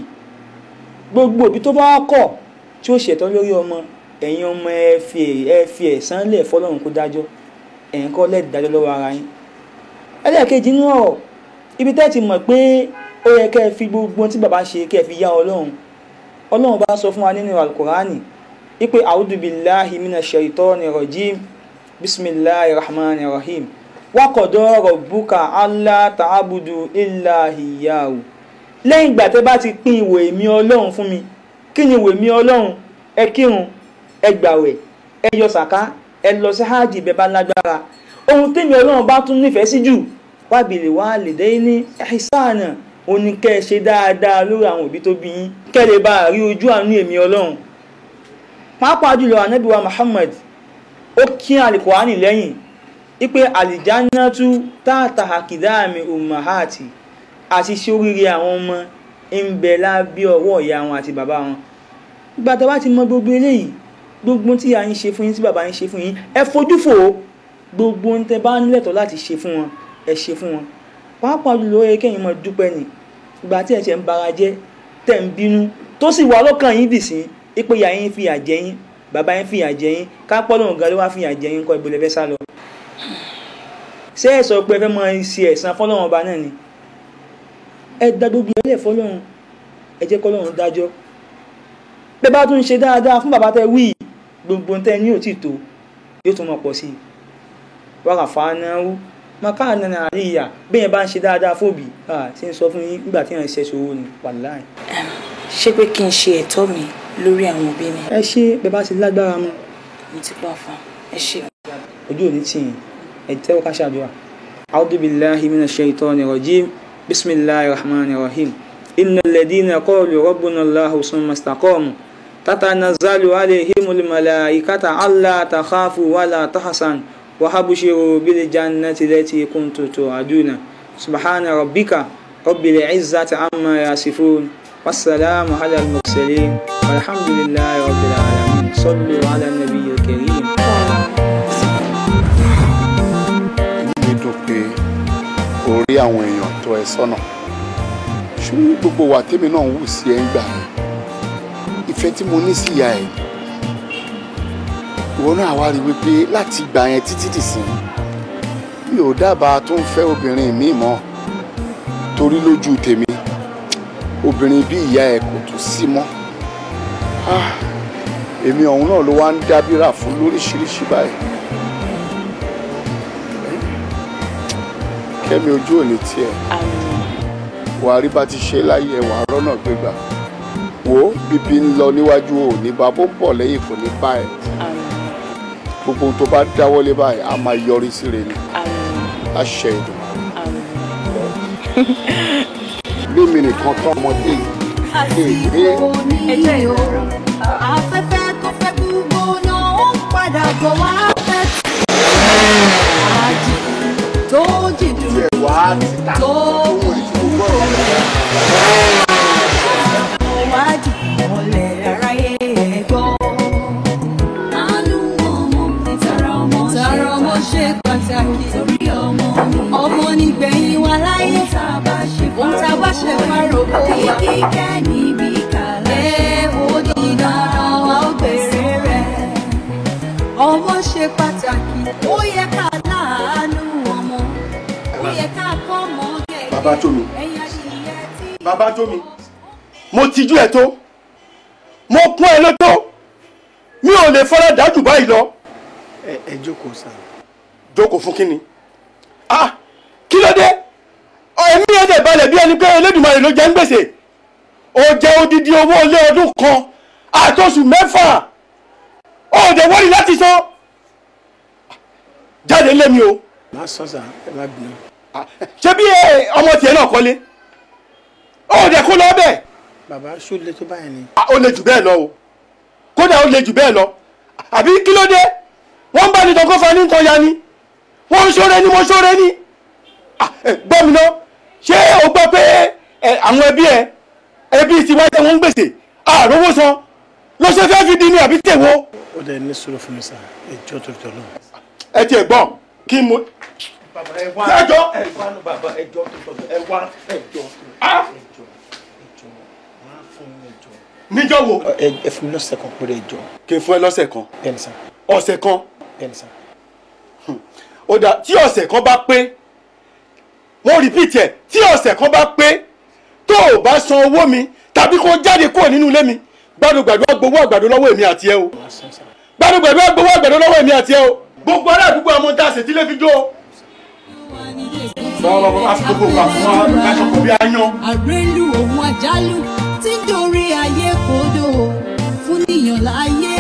gbogbo òbí tó bá kọ̀ tí ó ṣètọ́ lórí ọmọ ẹ̀yin ọmọ ẹ fi ẹ fi ẹ̀san lẹ̀ fọlọ́run kó dájọ́ ẹ̀yin kọ́ lẹ́ẹ̀dájọ́ lọ́wọ́ ara yín ẹlẹ́ẹ̀kejì náà ibi tẹ́ ti mọ̀ pé ó yẹ kẹ́ ẹ fi gbogbo tí bàbá ṣe kẹ́ ẹ fi yá ọlọ́run ọlọ́run bá sọ fún wa nínú alukurani ipe audubilahi mina shaitani rajim bisimilahi rahman rahim wakọ̀dọ̀ rabbuka allah ta'abudu illa iyyahu lẹ́yìn ìgbà tẹ́ bá ti pín ìwò èmi ọlọ́run fún mi kí ni ìwò èmi ọlọ́run ẹ kírun ẹ gbàwẹ̀ ẹ yọ sàká ẹ lọ sí hajj ìbẹ̀ bá lágbára ohun tèmi ọlọ́run bá tún nífẹ̀ẹ́ sí jù wábìlì wá lè dé ní ẹ̀ṣánà ó ní kẹ́ ẹ ṣe dáadáa lórí àwọn òbí tó bí yín kẹ́ ẹ lè bá rí ojú àánú èmi ọlọ́run pàápàá jùlọ ànábì wa Muhammad ó kí àlìkùránì lẹ́yìn wípé àlìjánátú táàtà àkìdáàmì umahati àti ṣoríire àwọn ọmọ ń bẹ lábẹ́ ọwọ́ ìyá wọn àti bàbá wọn ìgbà tá bá ti mọ gbogbo eléyìí gbogbo tí a ń ṣe fún yín tí bàbá ń ṣe fún yín ẹ fojú fò ó gbogbo ń tẹ bá ń lẹ́tọ̀ọ́ láti ṣe fún wọn ẹ ṣe fún wọn pàápàá jùlọ ó yẹ kẹ́yìn mọ dúpẹ́ nìí ìgbà tí ẹ ṣe ń bara jẹ́ tẹ̀ ń bínú tó sì wà lọ́kàn yín dì sí ipe ìyá yín fìyà jẹ yín bàbá yín fìyà jẹ yín kápọ́ lòun gan ló wá fìyà jẹ yín kọ́ ìbò lè fẹ́ sá lọ. ṣé ẹ sọ pé ẹ fẹ́ máa ṣe ẹ̀san fọlọ́run ọba náà ni ẹ dá gbogbo ẹ lẹ̀ fọlọ́run ẹ jẹ́ kọ́lọ́run dájọ́ pé bá tún ṣe dáadáa fún bàbá tẹ wí gbogbo tẹ ní òtítọ́ yóò tún mọ̀ pọ̀ sí i wàrà fàánáwó maka nana àríyá bẹ́ẹ̀ bá ń ṣe dáadáa fóbi ṣe ń sọ fún yín nígbà tí wọ́n ń ṣẹ̀ṣẹ̀ owó ni wàláì. ṣé pé kí n ṣe ẹ̀tọ́ mi lórí àwọn òbí mi. ẹ ṣe bẹ́ẹ̀ bá ṣe lágbára mu. mo ti pa fún ẹ ṣe. ojú ò ní tì yín ẹ ṣàdúrà. a'udhu billahi minash shaitani rajim bismillahir rahmanir rahim innal ladina qalu rabbuna allahu summa istaqamu tatanazzalu alayhimul malaikatu alla takhafu wala tahzanu وهبشروا بالجنة التي كنت توعدون سبحان ربك رب العزة عما يصفون والسلام على المرسلين والحمد لله رب العالمين صلوا على النبي الكريم orí àwọn èèyàn tó ẹ sọ́nà ṣùgbọ́n gbogbo wa tèmi náà ń wù sí ẹ ń gbà ẹ ìfẹ́ tí mo ní sí ìyá ẹ̀ ìwọ náà wá rí wípé láti ìgbà yẹn títí dìsín mi ò dábàá tó ń fẹ́ obìnrin mi mọ́ torí lójú tèmi obìnrin bí ìyá ẹ kò tún sí mọ́ ah, èmi ọ̀hún náà ló wá ń dábìrà fún lóríṣiríṣi báyìí kẹ́mi ojú ò ní tiẹ̀ wàá rí bá ti ṣe láyé ẹ̀ wàá rọ́nà gbégbà wo bíbí ń lọ níwájú ò ní bá bó ń bọ̀ lẹ́yìn kò ní bá ẹ̀ gbogbo tó bá dáwọ́lé báyìí a máa yọrí sí rẹ ni láṣẹ ìdùn. lémi nìkan tó ọmọdé yìí lè gbé. afẹ́fẹ́ tó fẹ́ gbogbo náà ó padà bọ̀ wá fẹ́ tó jìdùn tó. ọmọ nígbẹ̀yìn wa láyé ohun tá a bá ṣe wá rò ó yẹ kíkẹ́ níbi kàlẹ́ ó di dandan ó bèrè rẹ̀ ọmọ ṣe pàtàkì ó yẹ ká láàánú ọmọ ó yẹ ká kọ́ ọmọ gẹ̀gẹ́ ẹ̀yà ìyẹ́ tí. mo tijú ẹ tó mo kún ẹ lótó mi ò lè fọ́nrán dájú báyìí lọ. ẹ ẹ jókòó sáà jókòó fún kínni ah kí ló dé ẹ̀mí ẹ̀ dẹ̀ balẹ̀ bí ẹni pé Elédùmarè ló jẹ́ ń gbèsè ó jẹ́ odidi owó ilé ọdún kan àtọ́sù mẹ́fà ó dẹ̀ wọ́rí láti san jáde lémi o. má sọ sà ẹ má bínú. Ah, ṣé bí ọmọ tiẹ̀ náà kọ́lé ó dẹ̀ kó lọ bẹ́ẹ̀. bàbá ṣó le tó báyìí ni. Ah, ó le jù bẹ́ẹ̀ lọ o kódà ó le jù bẹ́ẹ̀ lọ àbí kí ló dé wọ́n ń bá ní tọkọ́fà ní nǹkan ya ni wọ́n ń ṣoore ni mo ṣoore ni ah, eh, gbọ́mi náà ṣé o gbọ́ pé eh, àwọn ẹbí ẹ ẹbí ti wáyé wọn ń gbèsè àròwó ah, san ló ṣe fẹ́ fi di ní àbí tèwo. ó dẹ ní sọ̀rọ̀ fún mi sá ẹjọ́ tó tọ náà. ẹ tiẹ̀ gbọ́ kí mo. bàbá ẹ wá ẹ jọ ẹ wá ní bàbá ẹjọ́ tó tọ ẹ wá ẹjọ́ ah! ẹjọ́ ẹjọ́ wá fún mi ẹjọ́. níjọ́ wo. ẹ fún mi lọ́sẹ̀ kan péré ẹjọ́. kì í fún ẹ lọ́sẹ̀ kan. bẹ́ẹ̀ ni sá. ọ̀sẹ̀ kan. bẹ́ẹ̀ ni sá ó dà tí ọ̀sẹ̀ kan bá pé wọ́n repeat ẹ̀ tí ọ̀sẹ̀ kan bá pé tó o bá san owó mi tàbí kó o jáde kúrò nínú ilé mi gbàdúgbàdú agbowó àgbàdo lọ́wọ́ èmi àti ẹ o gbàdúgbàdú agbowó àgbàdo lọ́wọ́ èmi àti ẹ o gbogbo ará àdúgbò àmọ́ tá a sì fi jó o. sọ̀rọ̀ òun àjálù tí dorí ayé kòdò fún níyàn láyé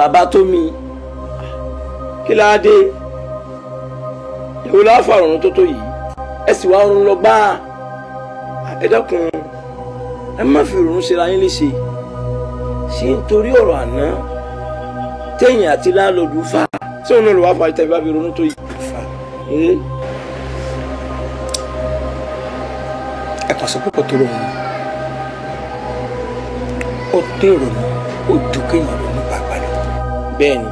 bàbá tó mi kí láá dé èwo láá fàrùn tó tó yìí ẹ sì wá run lọ gbá ẹ dákun ẹ má fi òrùn ṣe ra yín léṣe ṣé nítorí ọ̀rọ̀ àná téèyàn àti láńlọ́ọ̀dù fà tí òun náà lò wá fà ìtàbí bá fi ronú tó yìí fà ẹ kàn sọ púpọ̀ tó rọrùn ó dé ìrònú ó dùn kéèyàn lọ bẹ́ẹ̀ ni.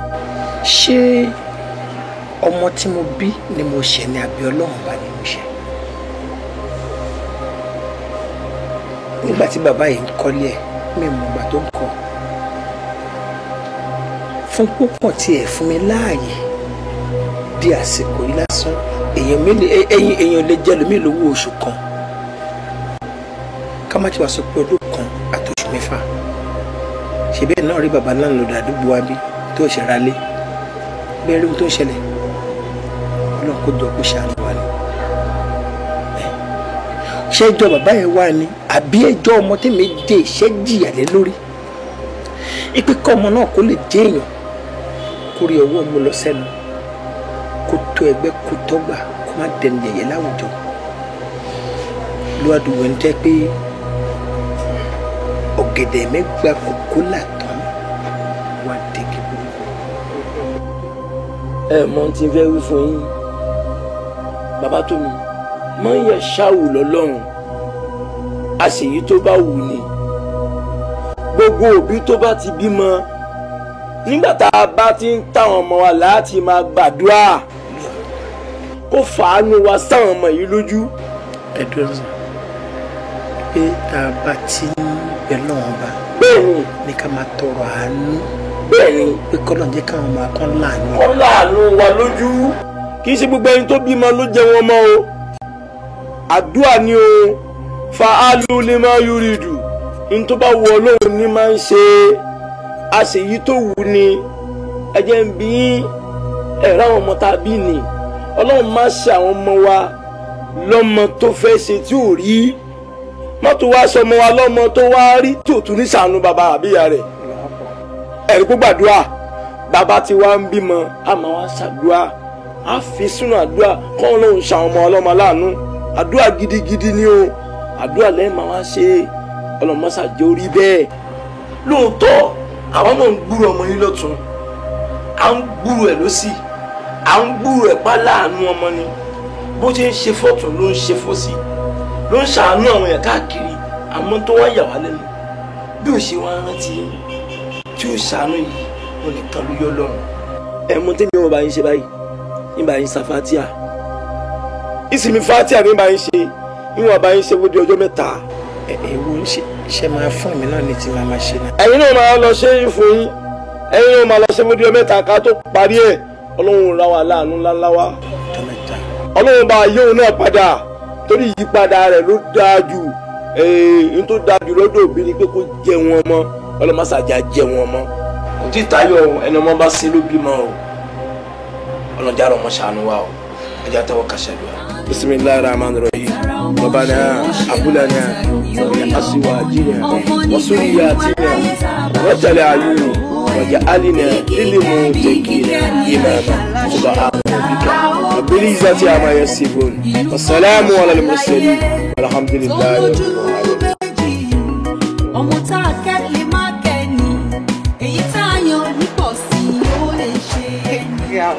ṣé ọmọ tí mo bí ni mo ṣẹ̀ ni àbí ọlọ́run bá ni mo ṣẹ̀. nígbà tí bàbá yìí ń kọ́lé ẹ̀ mi mọ̀ ìgbà tó ń kọ́ fún púpọ̀ tiẹ̀ fún mi láàyè di àsìkò yìí lásán èèyàn mi ẹyin èèyàn lè jẹ́ lómi lówó oṣù kan ká má ti wá sọ pé ọdún kan àti mẹ́fà ṣe bẹ́ẹ̀ náà rí bàbá náà lọ́dọ̀ àdúgbò wa bíi tó ṣẹ̀ra lé bẹ́ẹ̀ rí ohun tó ń ṣẹlẹ̀ ọlọ́run kó jọ kó ṣàánú wa ni ṣé ẹjọ́ bàbá yẹn wá ni àbí ẹjọ́ ọmọ tèmi dé iṣẹ́ jìyà lé lórí ipe kọ́ ọmọ náà kó lè jẹ́ èèyàn kó rí ọwọ́ mu lọ sẹ́nu kó tó ẹgbẹ́ kó tọ́gbà kó má dẹnu yẹ̀yẹ́ láwùjọ lọ́wọ́ àdúgbò ń tẹ́ pé ọ̀gẹ̀dẹ̀ mẹ́gbàá kòkó làkà. ẹ mọ ti fẹ́ wí fún yín bàbá tó mi mọ yẹ ṣáwù lọ́lọ́run a sì yí tó bá wù ni gbogbo òbí tó bá ti bímọ nígbà tá a bá ti ń táwọn ọmọ wa láti máa gbàdúrà kó fàánú wa sáwọn ọmọ yìí lójú. ẹ pé tá a bá ti ń bẹ lọ́wọ́ bá bẹ́ẹ̀ ni ká máa tọrọ àánú bẹ́ẹ̀ ni pé kọ́lọ̀ jẹ́ káwọn máa kán láàánú. wọ́n láàánú wa lójú. kì í ṣe gbogbo ẹni tó bímọ ló jẹ wọn mọ́ o àdúrà ni o fa alu ni máa yúri dù ní tó bá wù ọlọ́run ní máa ń ṣe a sì yí tó wù ni ẹ jẹ́ ń bí ẹ̀rọ àwọn ọmọ tá a bí ni ọlọ́run má ṣe àwọn ọmọ wa lọ́mọ tó fẹ́ ṣe tí ò rí mọ́tò wá sọmọ wa lọ́mọ tó wá rí tòótú ní sànú bàbá àbíyá rẹ̀ ẹ̀rí kó gbàdúrà bàbá tí wàá ń bímọ àmọ́ wàá ṣàdúrà á fi sínú àdúrà kọ́ lóun ṣàwọn ọmọ ọlọ́mọ láàánú àdúrà gidigidi ni o àdúrà lẹ́yìn máa wá ṣe ọlọ́mọṣà jẹ́ orí bẹ́ẹ̀ lóòótọ́ àwọn náà ń gbúrò ọmọ yín lọ́tún à ń gbúrò ẹ̀ lọ́sì à ń gbúrò ẹ̀ pa láàánú ọmọ ni bó ṣe ń ṣe fọ́tún ló ń ṣe fọ́sì ló ń ṣàánú àwọn yẹn káàkiri àmọ́ tó wá yà wá lẹ́nu bí ò ṣe wá rántí yẹn tí ó ṣàánú yìí wọn nìkan ló yọ lọ́rùn. ẹ mú tèmi wọn bá yín ṣe báyìí ní bá yín sa fatia ìsinmi fatia ní bá yín ṣe níwọ̀n bá yín ṣe fún di ọjọ́ mẹ́ta. ẹ ẹ wo ń ṣe ṣe máa fún mi náà ní ti máa máa ṣe náà. ẹ̀yin náà máa lọ ṣe é fún yín ẹ̀yin náà máa lọ ṣe fún di ọjọ́ mẹ́ta ká tó parí ẹ̀ ọlọ́run ra wa láàánú ńláńlá wa. ọlọ́run bá ayé òun náà padà torí ìyípadà rẹ̀ ló dáa jù ẹ̀ẹ́n tó dáa jù lọ́dọ̀ òbí ọlọmọsàjà jẹ wọn mọ kò tí ì tayọ ẹni ọmọ bá sí ló bímọ o ọlọjà rọ ọmọ ṣàánú wa o ẹjà tẹwọ kàṣẹdùá. bisimilayi rahman rahim babana abulana asiwa jinya wasuriya tinya rọjàlẹ ayúni wàjà alina lílimu tẹkínà ìmàmà ọba àwọn òbíkà abiri zati amaya sibon wasalaamu ala muslim alhamdulilayi wa rárá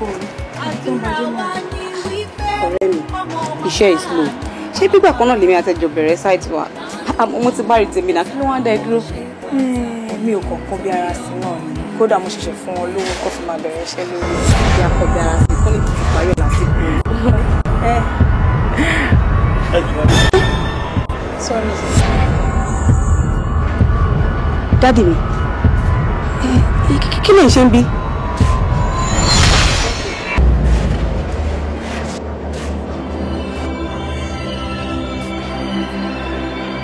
o. ọ̀rẹ́ iṣẹ́ is ṣé bíbà kan náà lèmi àtẹjọ bẹ̀rẹ̀ ṣáìtì wa mo ti bá tèmi náà kí ló wáá dá ẹ dúró. Hmm, mi ò kọ̀ọ̀kan bí ara sí náà ni kódà mo ṣẹ̀ṣẹ̀ fún wọn lówó kó fi máa bẹ̀rẹ̀ iṣẹ́ lórí ìgbà kọ̀ọ̀kan ara sí kó lè fi parí ọ̀la sí kú. Eh. sorry. dádì mi eh, kí lè ṣe ń bí.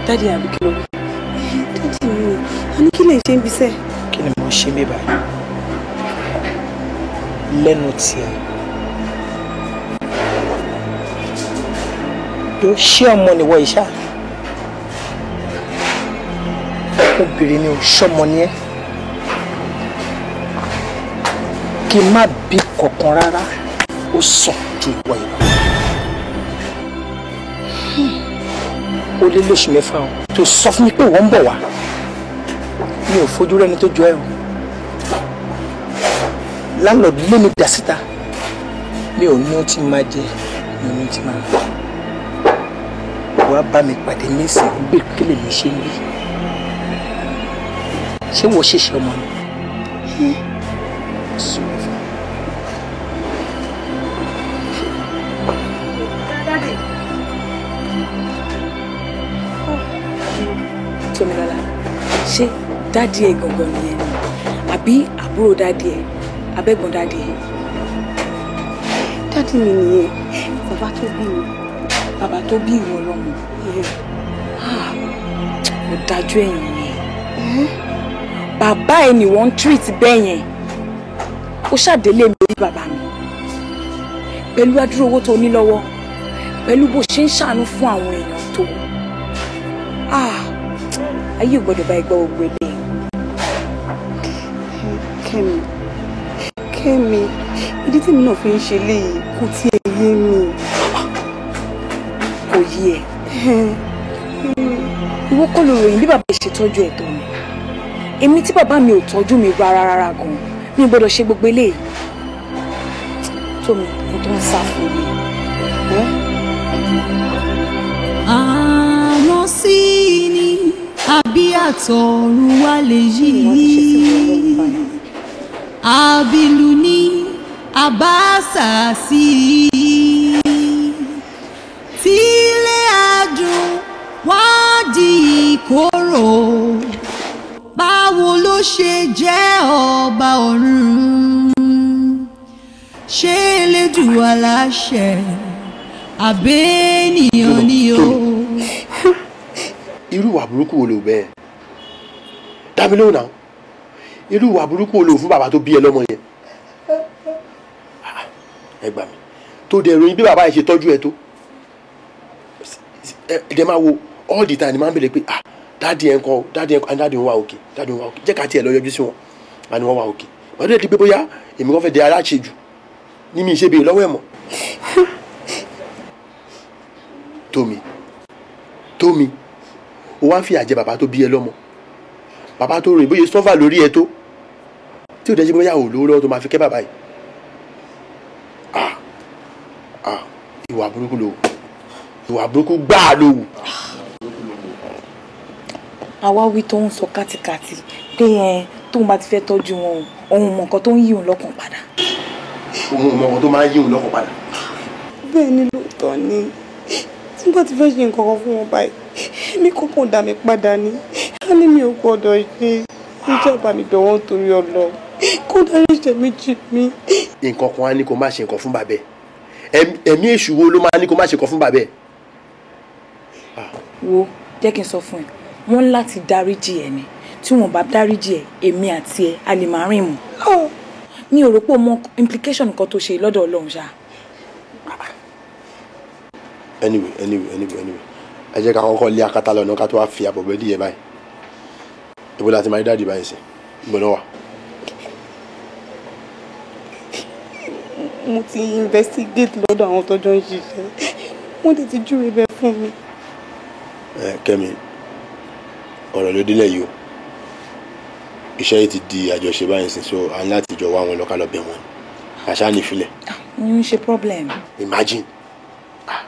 dáàdi àbí kí ló wí. Eh, dáàdi mi ò a ní kí lè ṣe ń bisẹ́. kí ni mo ṣe mí báyìí lẹ́nu tiẹ̀ yóò ṣé ọmọ nìwọ ìṣá obìnrin ni ò ṣọmọ ni ẹ ó lé lóṣù mẹ́fà o tó sọ fún mi pé wọ́n ń bọ̀ wá mi ò fojú rẹ́ni tó jọ ẹ o láńlọ́ọ̀dù lé mi dà síta mi ò ní ohun máa jẹ mi ò ní ohun máa gbọ́ wàá bá mi pàdé nísìn gbé kílè mi ṣe ń bí ṣé wo ṣèṣe ọmọ mi. ṣé dádì ẹ̀ gangan nìyẹn àbí àbúrò dádì ẹ̀ abẹ́gbọ̀n dádì ẹ̀. dádì mi nìyẹn bàbá tó bí mi bàbá tó bí ìwọ lọ́mọ ó ah, dájú ẹ̀yìn yẹn hm? bàbá ẹ̀ ni wọ́n ń treat bẹ́ẹ̀ yẹn ó ṣàdélé mi lórí bàbá mi pẹ̀lú adúrò owó tó ní lọ́wọ́ pẹ̀lú bó ṣe ń ṣàánú fún àwọn èèyàn tó ah ayé ò gbọ́dọ̀ bá ẹgbẹ́ ògbé lè. Kẹ́mi Kẹ́mi ìdí tí mi náà fi ń ṣe léyìí kò me. ẹ yé mi kò yé ẹ ìwọ kọ́ ló ròyìn bí bàbá ìṣètọ́jú ẹ̀ tó ni èmi tí bàbá me. ò tọ́jú mi rárá rárá gan mi ò gbọ́dọ̀ ṣe gbogbo me. tómi kò tó ń sá fún mi. Ah àbí àtọ̀run wá lè yí àbílù ní àbáṣàṣì tílé adùn wá di ìkorò báwo ló ṣe jẹ́ ọba ọ̀run ṣé elédùn aláṣẹ àbẹ́nìyàn ni o irú ìwà burúkú wo lò bẹ́ẹ̀ dábí lóhùn náà irú ìwà burúkú wo lò fún bàbá tó bí ẹ lọ́mọ yẹn ẹ gbà mí tó dẹ̀ ròyìn bí bàbá yẹn ṣe tọ́jú ẹ tó ẹ dẹ̀ máa wo all the time ni máa ń bèrè pé ah dáàdi ẹ̀ ń kọ́ dáàdi ẹ̀ ń kọ́ dáàdi ń wá òkè dáàdi ń wá òkè jẹ́ ká tiẹ̀ lọ yọjú sí wọn wá ni wọ́n wá òkè wọ́n dẹ̀ di pé bóyá èmi kò fẹ́ di aláṣejù ní mi ṣe béèrè lọ́wọ́ ẹ̀ mọ́ tómi tómi o wá ń fìyà jẹ bàbá tó bí ẹ lọ́mọ bàbá tó rìn bóyá sọ́fà lórí ẹ tó tí ò dẹ́ bóyá ò lówó lọ́wọ́ máa fi kẹ́ bàbá yìí ah ah ìwà burúkú ló ìwà burúkú gbáà ló wù. àwa wí tó ń sọ kátikati pé ẹ tóun bá ti fẹ́ tọ́jú wọn òun mọ̀ nǹkan tó ń yí òun lọ́kàn padà. òun mọ̀ nǹkan tó máa ń yí òun lọ́kàn padà. bẹ́ẹ̀ ni lóòótọ́ ni tí wọ́n ti fẹ́ ṣe nǹkan kan fún wọn báyìí mi kò kàn dá mi padà ní á ní mi ò gbọ́dọ̀ ṣe ìjọba mi bẹ̀ wọ́n torí ọlọ kó dárí jẹ mí jì mí. nǹkan kan á ní kó má ṣe nǹkan fún bàbẹ ẹ̀mí èṣù wo ló máa ní kó má ṣe nǹkan fún bàbẹ. Ah. wo jẹ́ kí n sọ fún ẹ wọ́n ń láti dáríjì ẹ̀ ni tí wọ́n bá dáríjì ẹ̀ èmi àti ẹ̀ a lè máa rìn mọ́ ní oh. òròpó mọ implication nǹkan tó ṣe lọ́dọ̀ ọlọ́run ṣáà. Ah. anyway anyway anyway anyway ẹ jẹ́ ká kọ́kọ́ lé akátá lọ náà ká tó wá fi àbọ̀bẹ́ díẹ̀ báyìí ibo la ti máa rí dáàdì báyìí sí ibo náà wà. mo ti investigate lọ́dọ̀ àwọn tọ́jọ́ ń ṣiṣẹ́ wọ́n ti ti júwe bẹ́ẹ̀ fún mi. ẹ kẹ́mi ọ̀rọ̀ ló délẹ̀ yìí o iṣẹ́ yìí ti di àjọṣe báyìí sí so a ní láti jọ wá wọn lọ́kàlọ́ bẹ̀ wọ́n àṣà ní ìfilẹ̀. ni ah, n ṣe problem. imagine ah,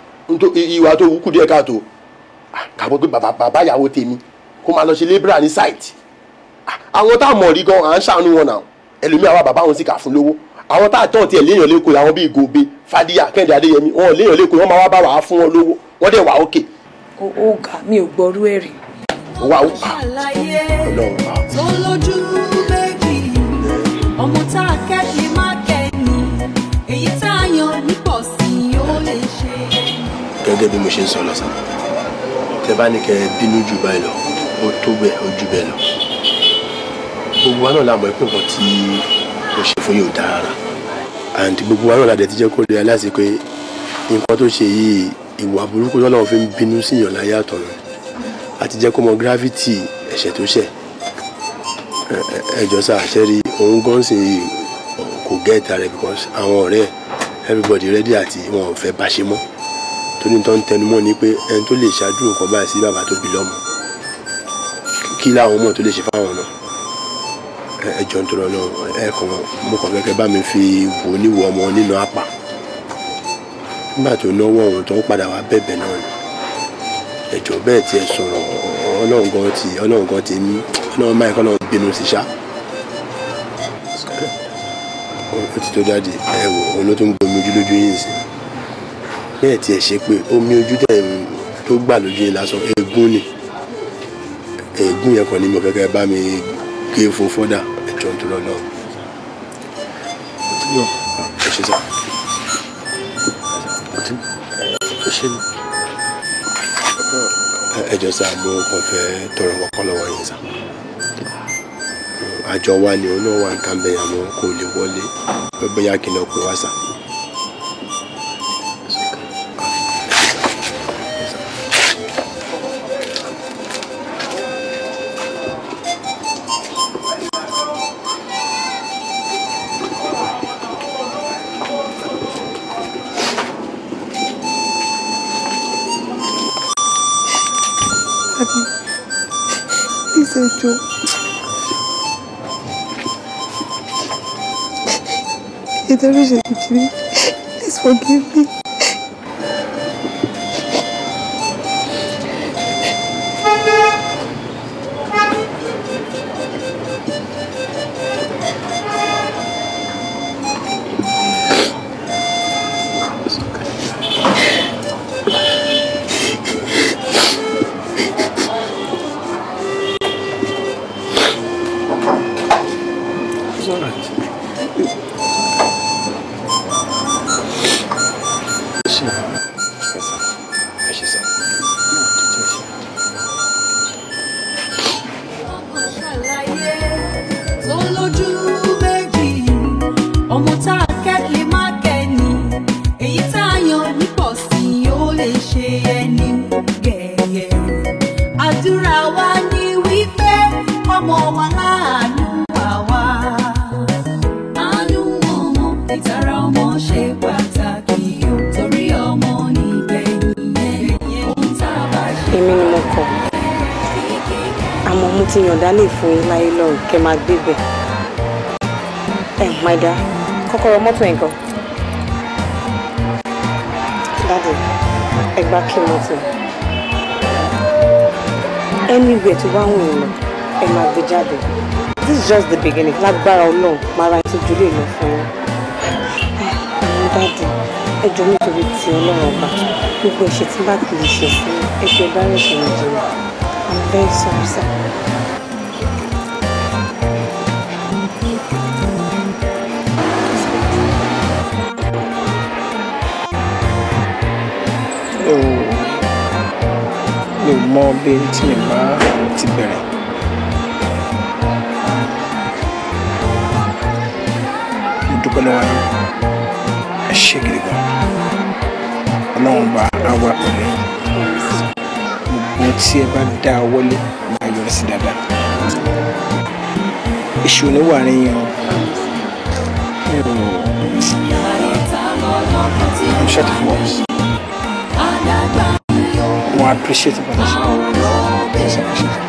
ìwà tó wù kù díẹ̀ káàtó kàmọ́ pé bàbá bàbá tèmi kó máa lọ ṣe lébírà ní site ah, àwọn tá a mọ̀ rí gan à ń ṣàánú wọn náà ẹlòmíà wa bàbá wọn sì kà fún lówó àwọn tá a tọ̀ tiẹ̀ léèyàn lẹ́kọ̀ọ́ làwọn bíi gòbe fadíyà kẹ́hìndé adéyẹmí wọn léèyàn lẹ́kọ̀ọ́ wọn máa wá bá wàá fún wọn lówó wọn dẹ̀ wà ókè. ó ga mi ò gbọ́rú èrè. wà ah, ah. ó pa gẹ́gẹ́ bí mo ṣe ń sọ lọ́sàn-án tẹ bá ní kẹ bínú jù báyìí lọ ó tó bẹ ó jù bẹ lọ gbogbo wa náà la mọ̀ pé nǹkan tí mo ṣe fún yóò dára and gbogbo wa náà la dẹ̀ ti jẹ́ kó rí aláṣẹ pé nǹkan tó ṣe yìí ìwà burúkú lọ́lọ́run fi ń bínú síyàn láyé àtọ̀run àti jẹ́ kó mọ gravity ẹ̀ṣẹ̀ tó ṣẹ̀ ẹjọ́ sáà ṣe rí òun gan sì kò gẹ́ẹ̀ta rẹ̀ because àwọn ọ̀rẹ́ everybody ready àti wọn ò fẹ́ bá ṣe mọ́ torí tó ń tẹnumọ́ ni pé ẹni tó lè ṣáájú nǹkan báyìí sí bàbá tó bí lọ́mọ kí láwọn ọmọ tó lè ṣe fáwọn náà ẹ jọ nítorí Ọlọ́run ẹ kàn mo kàn fẹkẹ bá mi fi wò níwò ọmọ nínú àpà nígbà tó náwó ọ̀hún tó ń padà wá bẹ̀bẹ̀ náà ni ẹjọ́ bẹ́ẹ̀ tiẹ̀ sọ̀rọ̀ Ọlọ́run gan ti Ọlọ́run ti mí Ọlọ́run máa kọ Ọlọ́run bínú sí ṣá ó ti tó jáde ẹ wò ló tún gbomi ojú lójú yìí sí bẹ́ẹ̀ tiẹ̀ ṣe pé omi ojú tẹ̀ tó gbà lójú yẹn lásán eégún ni eégún yẹn kàn ní mi ò fẹ́ kẹ́ bá mi gé fún fọ́dà ẹ̀jọ̀ tó lọ lọ́wọ́. ẹjọ sá mo kàn fẹ́ tọrọ kọkọ lọ́wọ́ yẹn sá àjọ wa ni òun náà wà ń kàn bẹyà mọ kò lè wọlé bóyá kí n sá. Please forgive me. twinkle. Daddy, ẹ gbá kí mo Anyway, to one bá wù yín lọ, ẹ This is just the beginning. Lágbára Ọlọ́run, máa ra My ìdílé lọ fún no Àwọn Daddy, I don't nítorí to be ọba. But you wish it's not delicious. It's fún ẹgbẹ́ bá rẹ̀ I'm very sorry, sir. mi ò mi ò mọ bí tí mi bá ti bẹ̀rẹ̀. mo dúpẹ́ lọ́wọ́ yín ẹ ṣé gidi gan ọlọ́run bá a wà pẹ̀lú gbogbo tí ẹ bá dá a wọlé máa yọrí sí dáadáa èṣù oníwàárín yẹn mi ò. I'm shut the voice. more appreciative of